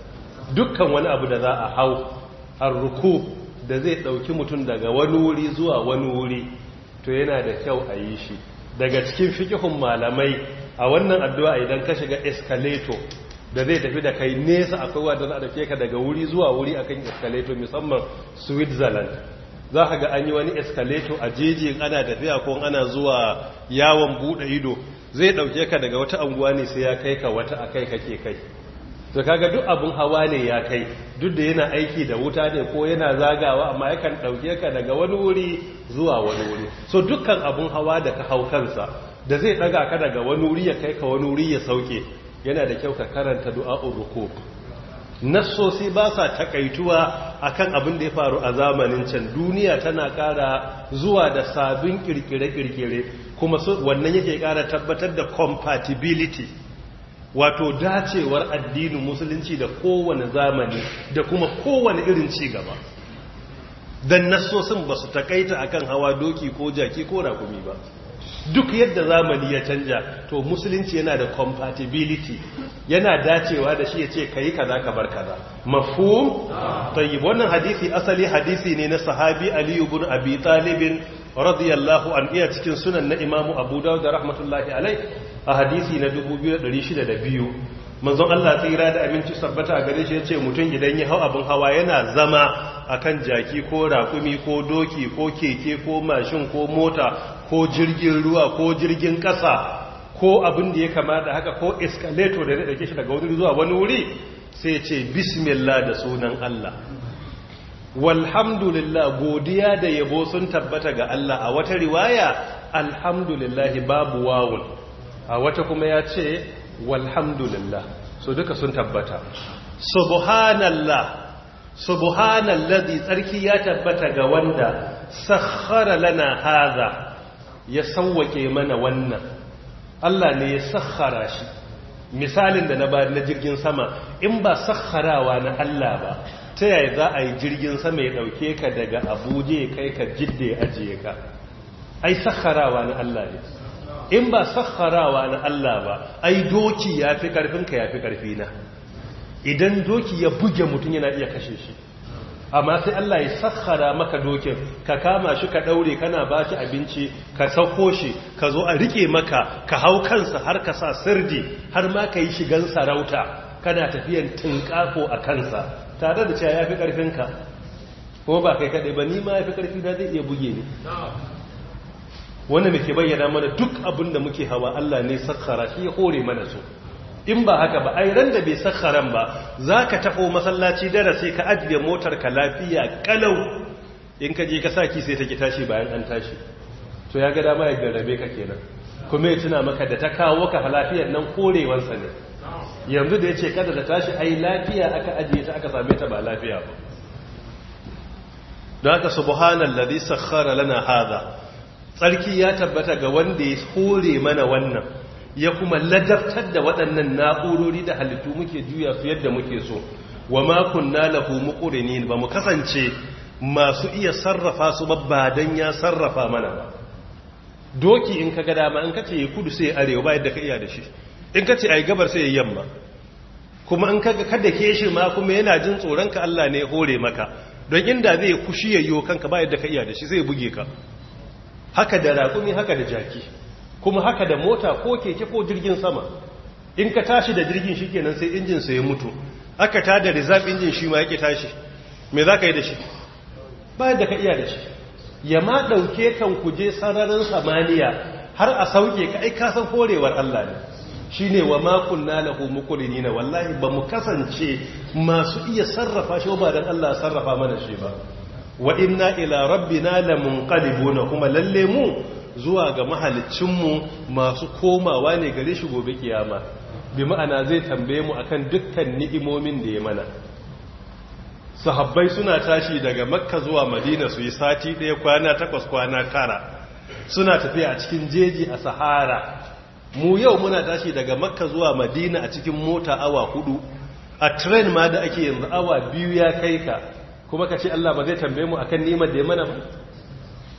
dukkan wani abu da za a hau ruku da zai ɗauki mutum daga wani wuri zuwa wani wuri to yana da kyau a yi shi daga cikin fikihun malamai a wannan addu'a idan ka shiga escalator da zai tafi da kai nesa akwai wadda za a dafe ka daga wuri zuwa wuri akan escalator musamman switzerland za ka ga an yi wani escalator a jejin ana tafiya ko ana zuwa yawon bude ido zai ɗauke ka daga wata anguwa ne sai ya kai ka wata akai kake kai to kaga duk abin hawa ne ya kai duk da yana aiki da wuta ne ko yana zagawa amma yakan dauke ka daga wani wuri zuwa wani wuri so dukkan abin hawa da ka hau kansa da zai daga ka daga wani wuri ya kai ka wani wuri ya sauke yana da kyau ka karanta du'a'ur rukub nassosi ba sa takaituwa kan abin da ya faru a zamanin can duniya tana kara zuwa da sabin kirkire-kirkire kuma wannan yake kara tabbatar da compatibility wato dacewar addinin musulunci da kowane zamani da kuma kowane irin ci gaba dan nasosin ba su takaita akan hawa doki ko jaki ko rakumi ba duk yadda zamani ya canja to musulunci yana da compatibility yana dacewa da shi ya ce ka yi kaza ka bar kaza mafhum ah. tayyib wannan hadisi asali hadisi ne na sahabi ali ibn abi Ɗalibin. radiyallahu an iya cikin sunan na imamu abu dawud da rahmatullahi alai a hadisi na 2602 manzon Allah tsira da abinci sabbata a gare shi ya ce mutum idan ya hau abin hawa yana zama a kan jaki ko rakumi ko doki ko keke ko mashin ko mota ko jirgin ruwa ko jirgin kasa ko abin da ya kama da haka ko escalator da ya ɗauke shi daga wani zuwa wani wuri sai ce bismillah da sunan Allah walhamdulillah godiya da yabo sun tabbata ga Allah a wata riwaya alhamdulillah babu wawul a wata kuma ya ce walhamdulillah so duka sun tabbata subhanallah subhanallazi tsarki ya tabbata ga wanda sakhara lana haza ya sawwake mana wannan Allah ne ya sakhara shi misalin da na ba na jirgin sama in ba sakharawa na Allah ba ta yaya za a yi jirgin sama ya dauke ka daga abuja ya kai ka jidda ya ajiye ka ai sakharawa na Allah ne in ba sakharawa na Allah ba ai doki ya fi karfin ka ya fi karfi na idan doki ya buge mutum yana iya kashe shi amma sai Allah ya sakhara maka dokin ka kama shi ka daure kana ba shi abinci ka sauko shi ka zo a rike maka ka hau kansa har ka sa sirdi har ma ka yi shigan sarauta kana tafiyan tinkako a kansa tare da cewa ya fi ƙarfinka kuma ba kai kaɗai ba ni ma ya fi ƙarfi da zai iya buge ni wanda muke bayyana mana duk abin da muke hawa Allah ne sakkara shi ya hore mana su in ba haka ba ai ran da bai sakkaran ba za ka taho masallaci darasi ka ajiye motar ka lafiya kalau in ka je ka saki sai ta ki tashi bayan an tashi to ya ga dama ya garrabe ka kenan kuma ya tuna maka da ta kawo ka halafiyar nan korewansa ne yanzu da ya ce kada da tashi ai lafiya aka ajiye ta aka same ta ba lafiya ba don haka lalai sakhara lana haza tsarki ya tabbata ga wanda ya hore mana wannan ya kuma ladabtar da waɗannan na'urori da halittu muke juya su yadda muke so wa makon na lahu muqrinin ba mu kasance masu iya sarrafa su babba dan ya sarrafa mana ba doki in ka gada dama in kace kudu sai arewa ba yadda ka iya da shi in ka ce a yi gabar sai ya yamma kuma in ka kada ke shi ma kuma yana jin tsoronka Allah ne hore maka don inda zai kushi yi kanka ba yadda ka iya da shi zai buge ka haka da raƙumi haka da jaki kuma haka da mota ko keke ko jirgin sama in ka tashi da jirgin shi kenan sai injin sa ya mutu aka ta da reserve injin shi ma yake tashi me za ka yi da shi ba yadda ka iya da shi ya ma ɗauke kan kuje sararin samaniya har a sauke ka ai ka san horewar Allah ne Shi ne wa ma kunna lahu na wallahi ba mu kasance masu iya sarrafa shi ba dan Allah sarrafa mana shi ba wa inna ila rabbi kalibu na kuma lalle mu zuwa ga mahalicinmu masu komawa ne gare shi gobe kiyama bi ma'ana zai tambaye mu akan dukkan ni'imomin da ya mana sahabbai suna tashi daga makka zuwa madina su yi sati ɗaya kwana takwas kwana kara. suna tafiya a cikin jeji a sahara mu yau muna tashi daga makka zuwa madina a cikin mota awa hudu a tren ma da ake yanzu awa biyu ya kai ka kuma ka ce Allah ba zai tambaye mu akan nima da ya mana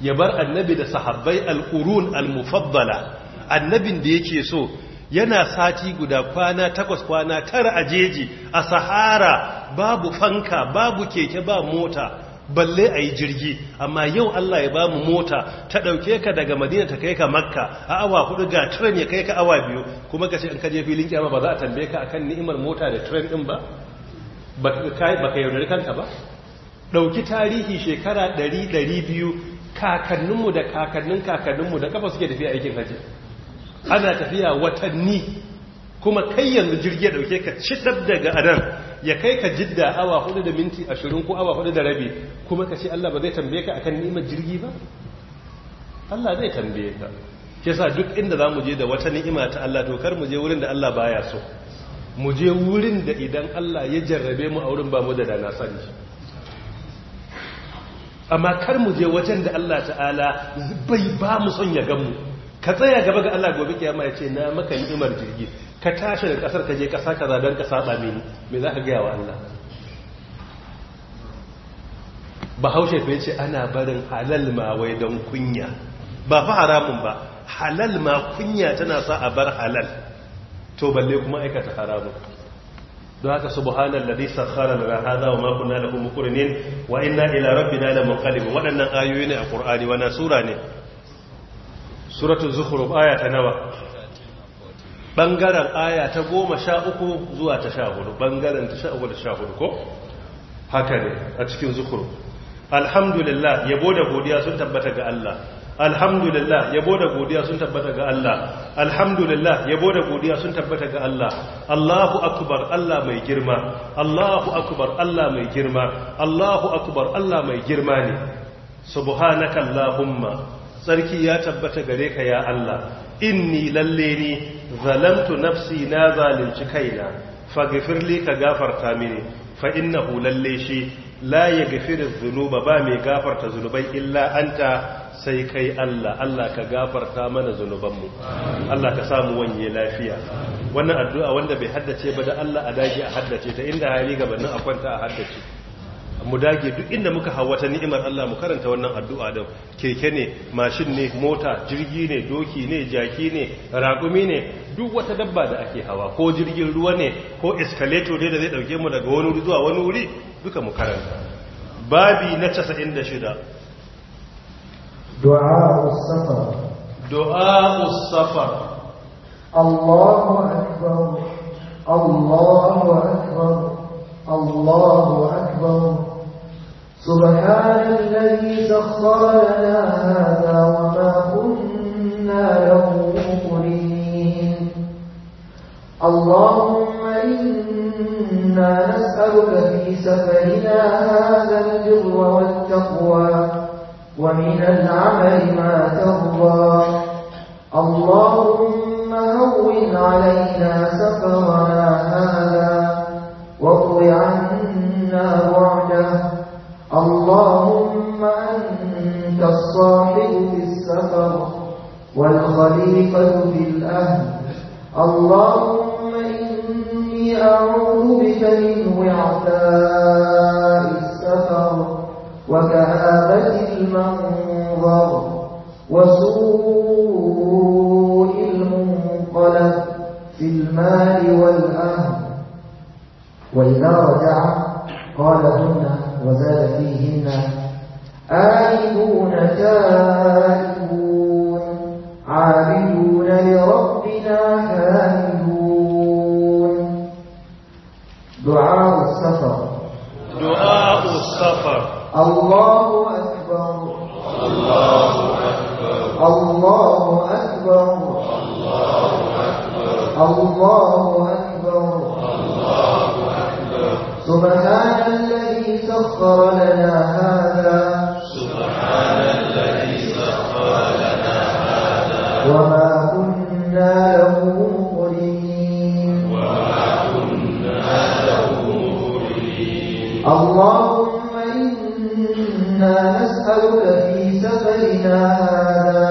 ya bar annabi da sahabbai al-qurun al mufabbala annabin da yake so yana sati guda kwana takwas kwana tara a jeji a sahara babu fanka babu keke ba mota balle a yi jirgi amma yau Allah ya ba mu mota ta ɗauke ka daga madina ta kai ka makka a awa hudu ga tren ya kai ka awa biyu kuma ka ce in kaje filin kyama ba za a tambaye ka akan ni'imar mota da tren ɗin ba ba ka yaudari kanta ba ɗauki tarihi shekara ɗari ɗari biyu kakanninmu da kakannin kakanninmu da kafa suke tafiya aikin haji ana tafiya watanni kuma kai yanzu jirgi ya ɗauke ka citab daga anan ya kai ka jidda awa hudu da minti ashirin ko awa hudu da rabi kuma ka ce Allah ba zai tambaye ka akan ni'imar jirgi ba Allah zai tambaye ka ke sa duk inda za mu je da wata ni'ima ta Allah to kar mu je wurin da Allah baya so mu je wurin da idan Allah ya jarrabe mu a wurin ba mu da dana sani amma kar mu je wajen da Allah ta'ala bai ba mu son ya gan mu ka tsaya gaba ga Allah gobe kiyama ya ce na maka ni'imar jirgi ka tashi da kasar ka je kasa kaza don ka saba mini me za ka gaya wa Allah bahaushe fa yace ana barin halal ma wai don kunya ba fa haramun ba halal ma kunya tana sa a bar halal to balle kuma aikata haramun don haka subhanalladhi sakhara lana hadha wa ma kunna lahu muqrinin wa inna ila rabbina lamunqalibun wadannan ayoyi ne a qur'ani na sura ne suratu zuhuru aya ta nawa bangaren aya ta goma sha uku zuwa ta sha hudu bangaren ta sha uku da sha hudu ko haka ne a cikin zuhuru alhamdulillah yabo da godiya sun tabbata ga Allah alhamdulillah yabo da godiya sun tabbata ga Allah alhamdulillah yabo da godiya sun tabbata ga Allah Allahu akbar Allah mai girma Allahu akbar Allah mai girma Allahu akbar Allah mai girma ne subhanakallahumma Sarki ya tabbata gare ka ya Allah inni lalle ni zalamtu nafsi na zalunci kaina faghfirli ka gafarta mini fa innahu lalle shi la yaghfiru dhunuba ba mai gafarta zunubai illa anta sai kai Allah Allah ka gafarta mana zunubanmu Allah ka samu wanye lafiya wannan addu'a wanda bai haddace ba da Allah a daji a haddace ta inda hali nan a kwanta a haddace mu dage duk inda muka hau wata ni'imar Allah mu karanta wannan addu'a da keke ne mashin ne mota jirgi ne doki ne jaki ne raƙumi ne duk wata dabba da ake hawa ko jirgin ruwa ne ko escalator ne da zai dauke mu daga wani wuri zuwa wani wuri duka mu karanta babi na 96 du'a us-safar du'a us-safar Allahu akbar Allahu akbar Allahu akbar سبحان الذي سخر لنا هذا وما كنا له مقرنين اللهم إنا نسألك في سفرنا هذا البر والتقوى ومن العمل ما ترضى اللهم هون علينا سفرنا هذا واقض عنا وعده اللهم أنت الصاحب في السفر والخليفة في الأهل اللهم إني أعوذ بك من وعثاء السفر وكآبة المنظر وسوء المنقلب في المال والأهل وإذا رجع قال هنا وزاد فيهن آيبون تائبون عابدون لربنا كاملون دعاء السفر دعاء السفر الله أكبر الله أكبر الله أكبر الله أكبر الله أكبر الله سبحان الذي سخر لنا هذا سبحان الذي سخر لنا هذا وما كنا له مقرنين وما كنا له مقرنين اللهم إنا نسألك في سفرنا هذا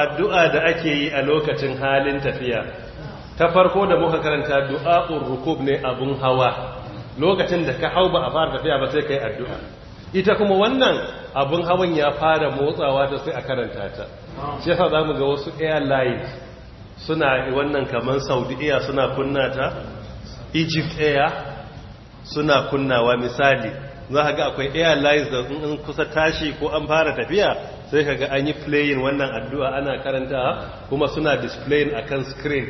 addu'a da ake yi a lokacin halin tafiya ta farko da muka karanta du'a rukub ne abun hawa lokacin da ka hau ba a fara tafiya ba sai ka yi addu'a ita kuma wannan abun hawan ya fara motsawa ta sai a karanta ta shi yasa zamu ga wasu airlines suna wannan kaman Saudi Air suna kunna ta Egypt Air suna kunnawa misali za ka ga akwai airlines da in kusa tashi ko an fara tafiya sai kaga an yi playing wannan addu'a ana karanta kuma suna displayin a kan screen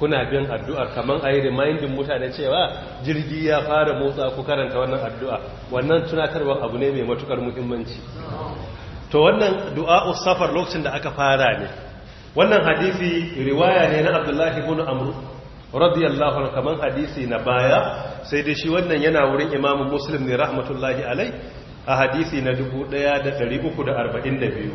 kuna biyan addu'ar kamar a yi remindin mutane cewa jirgi ya fara motsa ku karanta wannan addu'a wannan tunatarwar abu ne mai matukar muhimmanci to wannan du'a'u safar lokacin da aka fara ne wannan hadisi riwaya ne na abdullahi bin amru radiyallahu anhu kamar hadisi na baya sai dai shi wannan yana wurin imamu muslim ne rahmatullahi alai a hadisi na 1342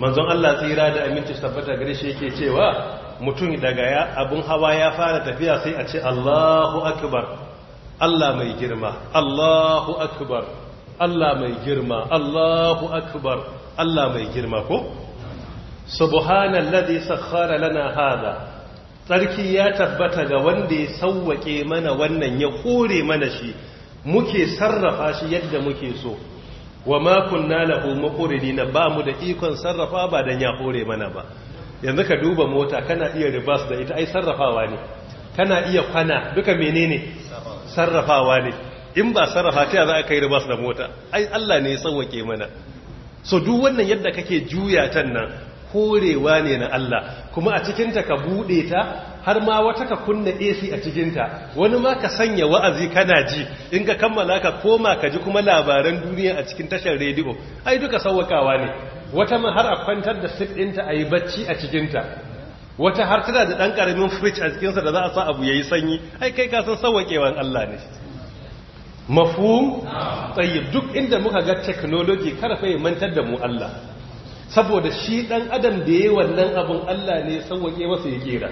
manzon Allah tsira da aminci tabbata gare shi yake cewa mutum daga ya abun hawa ya fara tafiya sai a ce Allahu akbar Allah mai girma Allahu akbar Allah mai girma Allahu akbar Allah mai girma ko Ladi sakhkhara lana hada tsarki ya tabbata ga wanda ya sauwake mana wannan ya kore mana shi muke sarrafa shi yadda muke so wa ma kunna lahu muqridina ba mu da ikon sarrafa ba dan ya hore mana ba yanzu ka duba mota kana iya reverse da ita ai sarrafawa ne kana iya kwana duka menene sarrafawa ne in ba sarrafa ta za ka yi reverse da mota ai Allah ne ya sauke mana so duk wannan yadda kake juya tan nan horewa ne na Allah kuma a cikinta ka buɗe ta har ma wata ka kunna AC a cikinta wani ma ka sanya wa'azi kana ji in ka kammala ka koma ka ji kuma labaran duniya a cikin tashar rediyo ai duka sawakawa ne wata ma har a kwantar da sit ɗinta ayi yi bacci a cikinta wata har tana da ɗan karamin fridge a cikinsa da za a sa abu ya yi sanyi ai kai ka san sawakewan Allah ne mafhum tayyib duk inda muka ga technology karfa fa mantar da mu Allah saboda shi dan adam da yayi wannan abun Allah ne sauke masa ya kera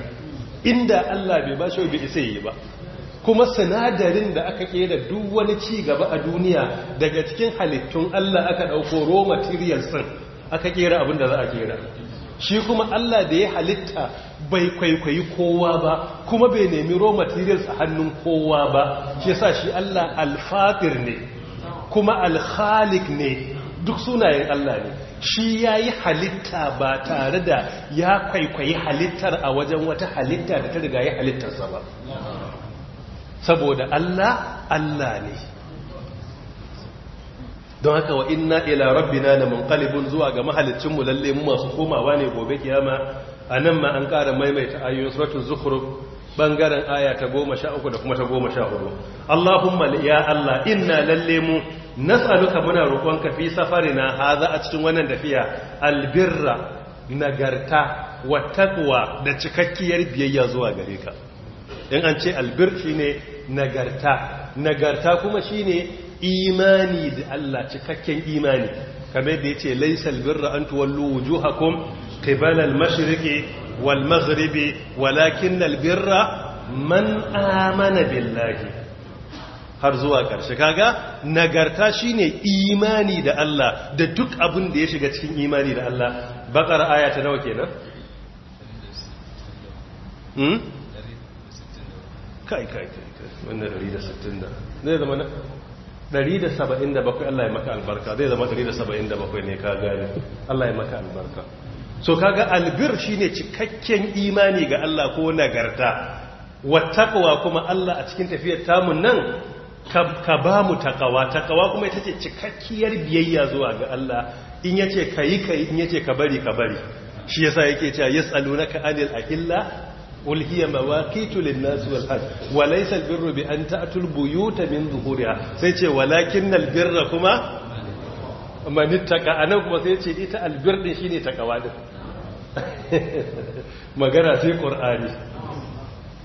inda Allah bai ba shi bai isa yi ba kuma sinadarin da aka kera duk wani ci gaba a duniya daga cikin halittun Allah aka dauko raw materials din aka kera abin da za a kera shi kuma Allah da ya halitta bai kwaikwayi kowa ba kuma bai nemi raw materials a hannun kowa ba shi yasa shi Allah al ne kuma al ne duk sunayen Allah ne shi ya yi halitta ba tare da ya kwaikwayi halittar a wajen wata halitta da ta riga ya halittarsa ba saboda Allah Allah ne don haka wa inna ila rabbina na munqalibun zuwa ga mahalicinmu lalle mu masu komawa ne gobe kiyama nan ma an ƙara maimaita ayoyin suratun zukhruf bangaren aya ta goma sha uku da kuma ta goma sha hudu Allahumma ya Allah inna lalle mu nas'aluka muna roƙonka fi safarina haza a cikin wannan tafiya albirra nagarta wa taqwa da cikakkiyar biyayya zuwa gare ka in an ce albir shine nagarta nagarta kuma shine imani da Allah cikakken imani kamar da yace laysal birra an tuwallu wujuhakum qibala al-mashriqi wal ولكن walakin من man بالله har zuwa ƙarshe kaga nagarta shine imani da Allah da duk abin da ya shiga cikin imani da Allah bakar aya ta nawa kenan hmm kai kai kai wannan 160 zai zama na 177 Allah ya maka albarka zai zama 177 ne ka gane Allah ya maka albarka so kaga albir shine cikakken imani ga Allah ko nagarta wattaqwa kuma Allah a cikin tafiyar tamun nan ka ba mu takawa takawa kuma ita ce cikakkiyar biyayya zuwa ga Allah in yace kayi kayi in yace ka bari ka bari shi yasa yake cewa yasalunaka anil a قل هي مواقيت للناس bi an البر بأن تأتوا البيوت sai ce walakin ولكن البر kuma. manittaka a nan kuma sai ce ita albir din shi ne takawa magana sai ƙor'ani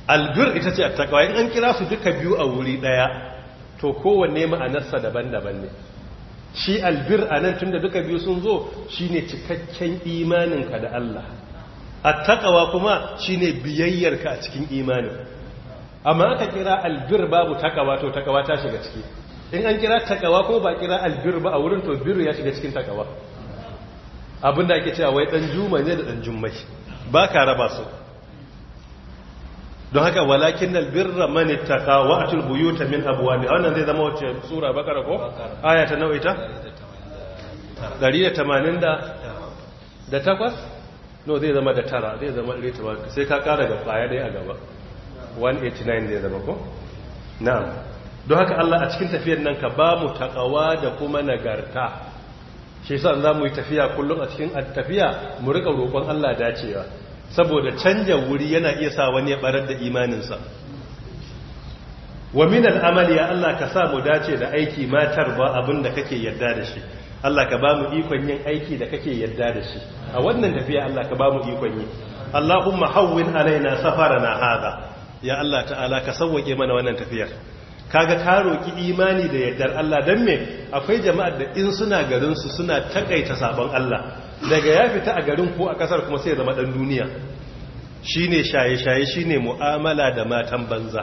albir ita ce a takawa in an kira su duka biyu a wuri ɗaya to kowanne ma'anarsa daban-daban ne shi albir a nan tun da duka biyu sun zo shi ne cikakken imaninka da Allah a takawa kuma shi ne biyayyarka a cikin imanin amma aka kira albir babu takawa to takawa ta shiga ciki in an kira takawa ko ba kira albir ba a wurin to biru ya shiga cikin takawa abin da ake cewa wai dan juma ne da dan jummai ba ka raba su don haka walakin albirra man ittaqa wa atul buyuta min abwabi wannan zai zama wacce sura bakara ko aya ta nawaita 180 da takwas no zai zama da tara zai zama da tara sai ka kara ga faya dai a gaba 189 zai zama ko na'am don haka Allah a cikin tafiyar nan ka ba mu takawa da kuma nagarta shi sa za mu yi tafiya kullum a cikin tafiya mu rika roƙon Allah dacewa saboda canja wuri yana iya sa wani ya barar da imaninsa wa minan al'amali ya Allah ka sa mu dace da aiki matar ba abin da kake yarda da shi Allah ka ba mu ikon yin aiki da kake yarda da shi a wannan tafiya Allah ka ba mu ikon yi Allahumma hawwin alaina safarana hada ya Allah ta'ala ka sauwake mana wannan tafiyar kaga ka roki imani da yardar Allah dan me akwai jama'ar da in suna garinsu suna takaita sabon Allah daga ya fita a garin ko a kasar kuma sai zama ɗan duniya shine shaye-shaye shine mu'amala da matan banza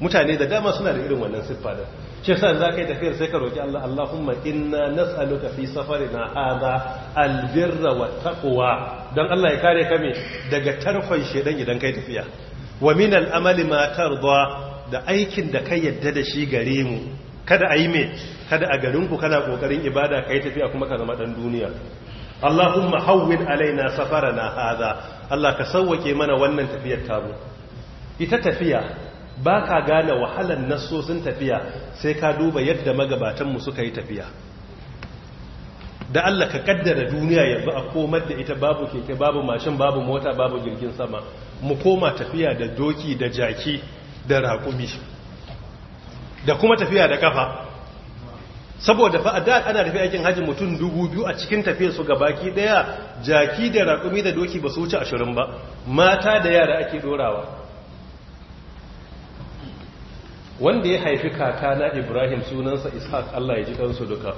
mutane da dama suna da irin wannan siffa da shi yasa za ka yi tafiyar sai ka roki Allah Allahumma inna nas'aluka fi safarina hada albirra taqwa dan Allah ya kare ka me daga tarkon shedan idan kai tafiya wa min amali ma tarda da aikin da ka yadda da shi gare mu kada a yi mai kada a garinku kana kokarin ibada ka yi tafiya kuma ka zama ɗan duniya Allahumma hawwin alaina na haza Allah ka sauwake mana wannan tafiyar tamu ita tafiya ba ka gane wahalan nassosin tafiya sai ka duba yadda magabatanmu suka yi tafiya da Allah ka kaddara duniya yanzu a komar da ita babu keke babu mashin babu mota babu jirgin sama mu koma tafiya da doki da jaki da raƙumi da kuma tafiya da kafa saboda fa ana tafiya aikin hajji mutum dubu biyu a cikin tafiya su gabaki daya jaki da raƙumi da doki ba su wuce ashirin ba mata da yara ake dorawa wanda ya haifi kaka na ibrahim sunansa ishaq allah ya ji ɗansu duka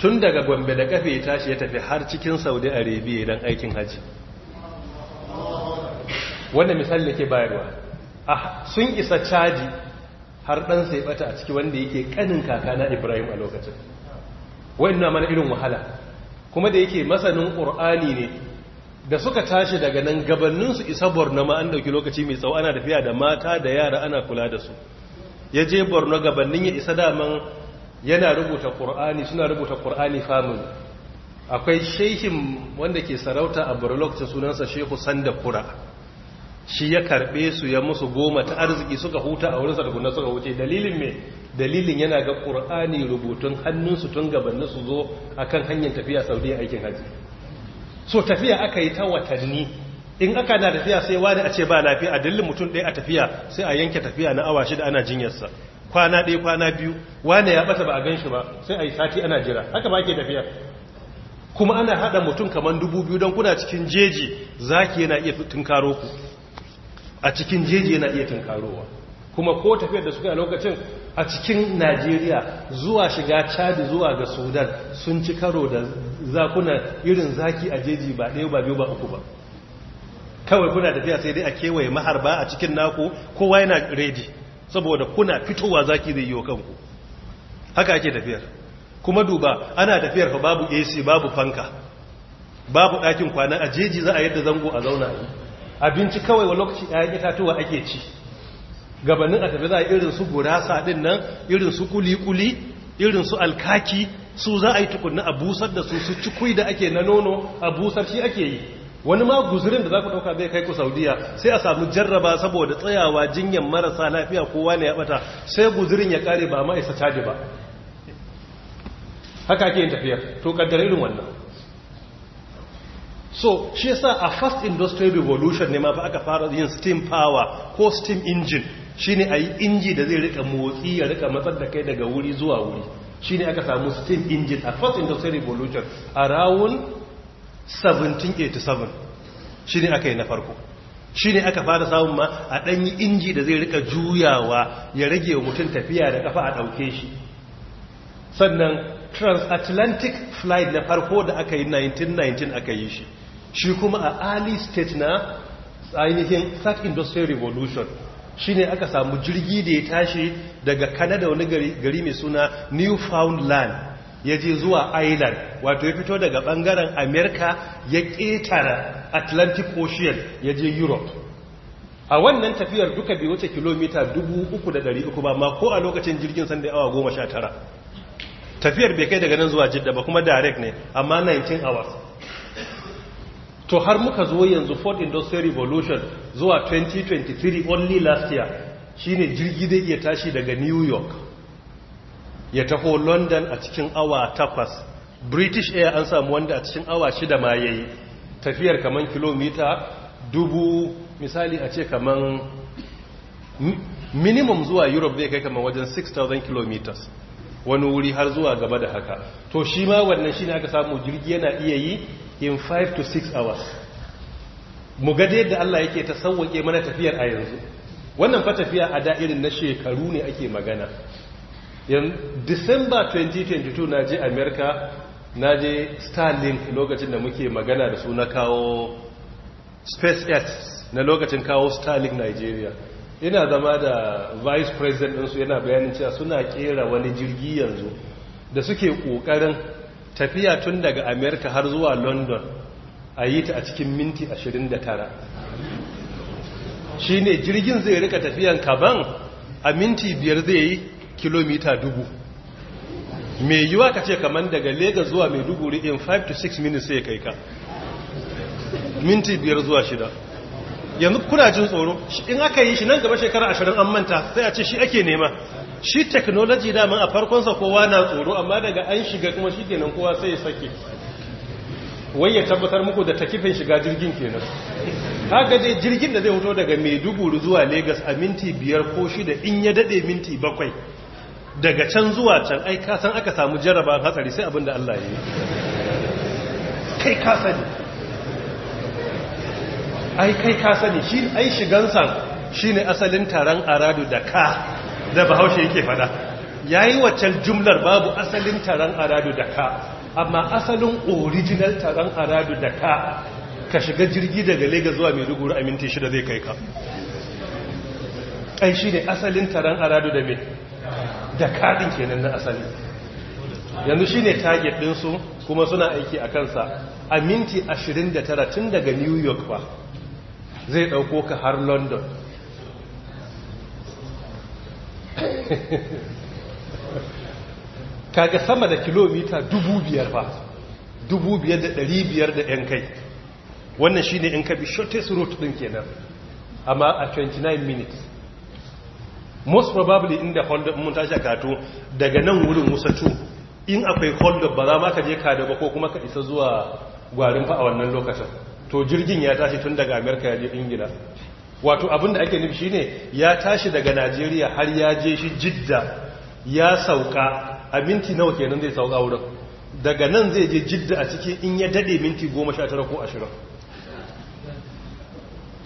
tun daga gombe da kafe ya tashi ya tafi har cikin saudi arabia don aikin hajji wanda misali da ke bayarwa Ah, sun isa caji har ɗan sai bata a ciki wanda yake kanin kakana ibrahim a lokacin na mana irin wahala kuma da yake masanin ƙur'ani ne da suka tashi daga nan gabaninsu isa borno ma an ɗauki lokaci mai tsawo ana tafiya da mata da yara ana kula da su ya je borno gabanin ya isa daman yana rubuta ƙur'ani suna rubuta ƙur'ani famin akwai shehin wanda ke sarauta a borno lokacin sunansa shehu sanda kura shi ya karbe su ya musu goma ta arziki suka huta a wurin sarguna suka wuce dalilin me dalilin yana ga qur'ani rubutun hannunsu tun gabanin su zo akan hanyar tafiya saudiya aikin haji so tafiya aka yi ta watanni in aka na tafiya sai wani a ce ba lafiya a dalilin mutum ɗaya a tafiya sai a yanke tafiya na awa shida ana jinyarsa kwana ɗaya kwana biyu wani ya bata ba a gan shi ba sai a yi sati ana jira haka ba ke tafiya kuma ana haɗa mutum kamar dubu biyu don kuna cikin jeji zaki yana iya tunkaro ku a cikin jeji yana iya tunkarowa kuma ko tafiyar da suka yi a lokacin a cikin najeriya zuwa shiga chadi zuwa ga sudan sun ci karo da zakuna irin zaki a jeji ba ɗaya ba biyu ba uku ba kawai kuna tafiya sai dai a kewaye maharba a cikin naku kowa yana redi saboda kuna fitowa zaki zai yi wa kanku haka ake tafiyar kuma duba ana tafiyar fa babu ac babu fanka babu ɗakin kwana a jeji za a yadda zango a zauna a abinci kawai wa lokaci ƴaƴan itatuwa ake ci gabanin a tafi za a irin su gurasa din nan irin su kuli-kuli irin su alkaki su za a yi tukunna a busar da su su kui da ake na nono a busar shi ake yi wani ma guzurin da za ku ɗauka zai kai ku saudiya sai a samu jarraba saboda tsayawa jinyar marasa lafiya kowa ne ya ɓata sai guzurin ya ƙare ba ma isa caji ba haka ke yin tafiyar to kaddara irin wannan so shi yasa a first industrial revolution ne ma fa aka fara yin steam power ko steam engine shine ayi inji da zai rika motsi ya rika matsar da kai daga wuri zuwa wuri shine aka samu steam engine a first industrial revolution around 1787 shine aka yi na farko shi ne aka fara samun ma a ɗanyi inji da zai rika juyawa ya rage wa mutum tafiya da kafa a ɗauke shi sannan transatlantic flight na farko da aka yi 1919 aka yi shi shi kuma a early state na ainihin third industrial revolution shi ne aka samu jirgi da ya tashi daga kanada wani gari mai suna newfoundland ya je zuwa island wato ya fito daga bangaren america ya ƙetara atlantic ocean ya je europe a wannan tafiyar duka bai wuce kilomita 3,300 ba ma ko a lokacin jirgin sanda awa 19 tafiyar bai kai daga nan zuwa jidda ba kuma direct ne amma 19 hours to har muka zo yanzu Ford industrial revolution zuwa 2023 only last year shine jirgi zai iya tashi daga new york ya taho london a cikin awa takwas british air an samu wanda a cikin awa shida ma ya yi tafiyar kaman kilomita dubu misali a ce kaman minimum zuwa europe zai kai kaman wajen 6,000 kilometers wani wuri har zuwa gaba da haka to shi ma wannan shi aka samu jirgi yana iya yi in 5 to 6 hours mu ga yadda Allah yake ta sauwake mana tafiyar a yanzu wannan fa tafiya a da'irin na shekaru ne ake magana yan December 2022 na je America na je Starlink lokacin da muke magana da su na kawo SpaceX na lokacin kawo Starlink Nigeria ina zama da vice president ɗinsu yana bayanin cewa suna kera wani jirgi yanzu da suke ƙoƙarin tafiya tun daga america har zuwa london a yi ta a cikin minti 29 shi ne jirgin zai rika tafiyan kaban a minti biyar zai yi kilomita dubu mai yiwa ka ce kaman daga lagos zuwa mai dubu in 5 to 6 minutes sai kai ka minti biyar zuwa shida yanzu kuna jin tsoro in aka yi shi nan gaba shekara ashirin an manta sai a ce shi ake nema shi technology dama a farkonsa kowa na tsoro amma daga an shiga kuma shi kenan kowa sai ya sake wai ya tabbatar muku da takifin shiga jirgin kenan haka dai jirgin da zai hoto daga maiduguri zuwa lagos a minti biyar ko shida in ya dade minti bakwai daga can zuwa can ai kasan aka samu jarraba hatsari sai abin da allah ya yi kai kasani ai kai kasani shi ai shigansa shine asalin taron aradu da ka da bahaushe yake fada yayi waccan jumlar babu asalin taron aradu da ka amma asalin original taron aradu da ka ka shiga jirgi daga Legas zuwa Maiduguri a minti shida zai kai ka kai shi ne asalin taron aradu da me da kaɗin kenan na asali yanzu shi ne target su kuma suna aiki a kansa a minti 29 tun daga new york ba zai ɗauko ka har london [LAUGHS] kaga sama da kilomita dubu biyar ba dubu biyar da ɗari biyar da ‘yan kai wannan shi ne yan kai shortest route ɗin kenan amma a 29 minutes most probably inda holdup mun tashi a daga nan wurin musatu in akwai holdup ba za ma ka je ka da ba ko kuma ka isa zuwa gwarin fa a wannan lokacin to jirgin ya tashi tun daga amerika ya je ingila wato abinda ake nufi shine ya tashi daga najeriya har ya je shi jidda ya sauka a minti nawa kenan zai sauka wurin daga nan zai je jidda a cikin in ya dade minti goma ko ashirin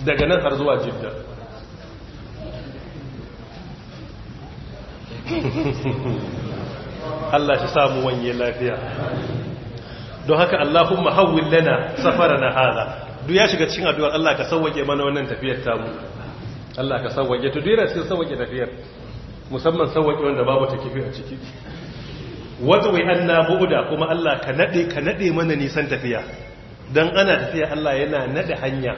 daga nan har zuwa jidda [LAUGHS] Allah shi samu wanye lafiya don haka Allahumma hawwil lana safarana hadha duk ya shiga cikin addu'ar Allah ka sauwake mana wannan tafiyar ta mu Allah ka sauwake to dira yana cikin sauwake tafiyar musamman sauwake wanda babu ta kifi a ciki wata wai an na buɗa kuma Allah ka naɗe ka nade mana nisan tafiya dan ana tafiya Allah yana nade hanya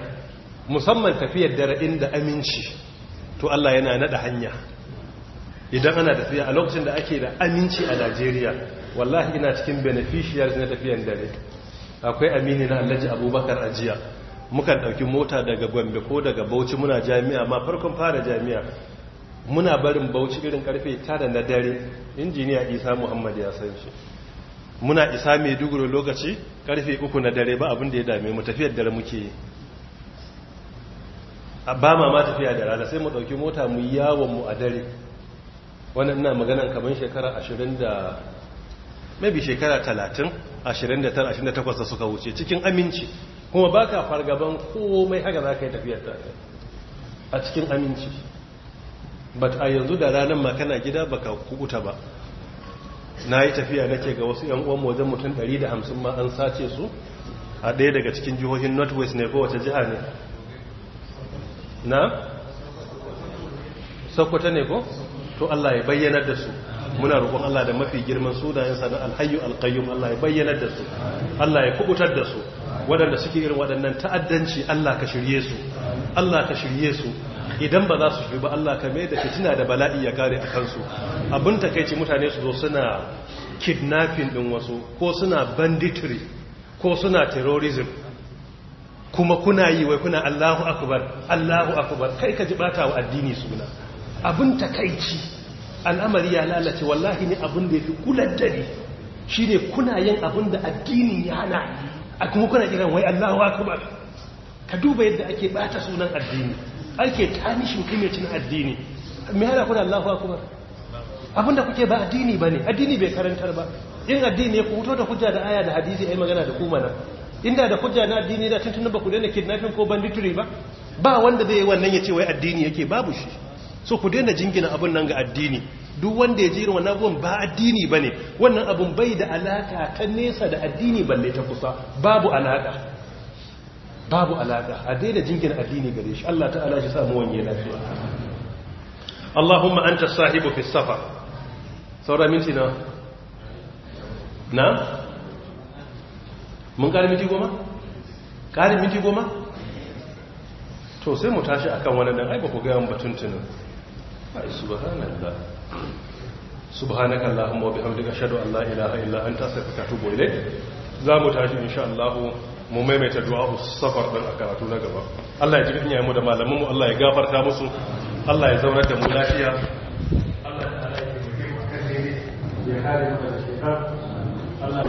musamman tafiyar dare inda aminci to Allah yana nade hanya idan ana tafiya a lokacin da ake da aminci a Najeriya wallahi ina cikin beneficiaries na tafiyar dare akwai amini na alhaji abubakar ajiya mukan ɗauki mota daga gombe ko daga bauchi muna jami'a ma farkon fara jami'a muna barin bauchi irin karfe tara na dare injiniya isa muhammad ya san shi muna isa mai duguro lokaci karfe uku na dare ba abin da ya dame mu tafiyar dare muke yi ba ma ma tafiya da rana sai mu ɗauki mota mu yawon mu a dare wannan ina maganan kamar shekara ashirin da maybe shekara 30 29 28 da suka wuce cikin aminci kuma ba ka fargaban komai haka za ka yi tafiyar ta a cikin aminci ba a yanzu da ranar makana gida baka kubuta ba na yi tafiya nake ga wasu yan uwan wajen mutum 150 ma an sace su a ɗaya daga cikin jihohin northwest ne ko wace jiha ne na sokoto ne ko to Allah ya bayyanar da su muna roƙon Allah da mafi girman sunayensa na alhayyu alkayyum Allah ya bayyana da su Allah ya kubutar da su waɗanda suke irin waɗannan ta'addanci Allah ka shirye su Allah ka shirye su idan ba za su shi ba Allah ka mai da fitina da bala'i ya kare a kansu abin takaici mutane su zo suna kidnapping ɗin wasu ko suna banditry ko suna terrorism kuma kuna yi wai kuna Allahu akbar Allahu akbar kai ka ji bata wa addini suna abin takaici. al'amari ya lalace wallahi ne abin da ya fi kula dare shi ne kuna yin abin da addini ya hana a kuma kuna kiran wai allahu akbar ka duba yadda ake bata sunan addini ake tanishin cin addini mai hana kuna allahu akbar abin da kuke ba addini ba ne addini bai karantar ba in addini ya kuto da hujja da aya da hadisi a yi magana da kuma nan inda da hujja na addini da tuntunan ba ku daina kidnapping ko banditry ba ba wanda zai yi wannan ya ce wai addini yake babu shi so ku daina jingina abin nan ga addini duk wanda ya jirin wannan abin ba addini ba ne wannan abin bai da alaka ta nesa da addini balle ta kusa babu alaka babu alaka a daina jingina addini gare shi Allah ta'ala shi samu wanye lafiya Allahumma anta sahibu fi safa saura minti na na mun kare minti goma kare minti goma to sai mu tashi akan wannan dan ai ba ku ga yan batuntunin subhanallah subhanaka allahumma wa bihamdika ashhadu an za mu tashi insha Allah mu maimaita du'a safar din a karatu na gaba Allah ya ji kin yayin mu da malaman mu Allah ya gafarta musu Allah ya zaunar da mu lafiya Allah ya mu da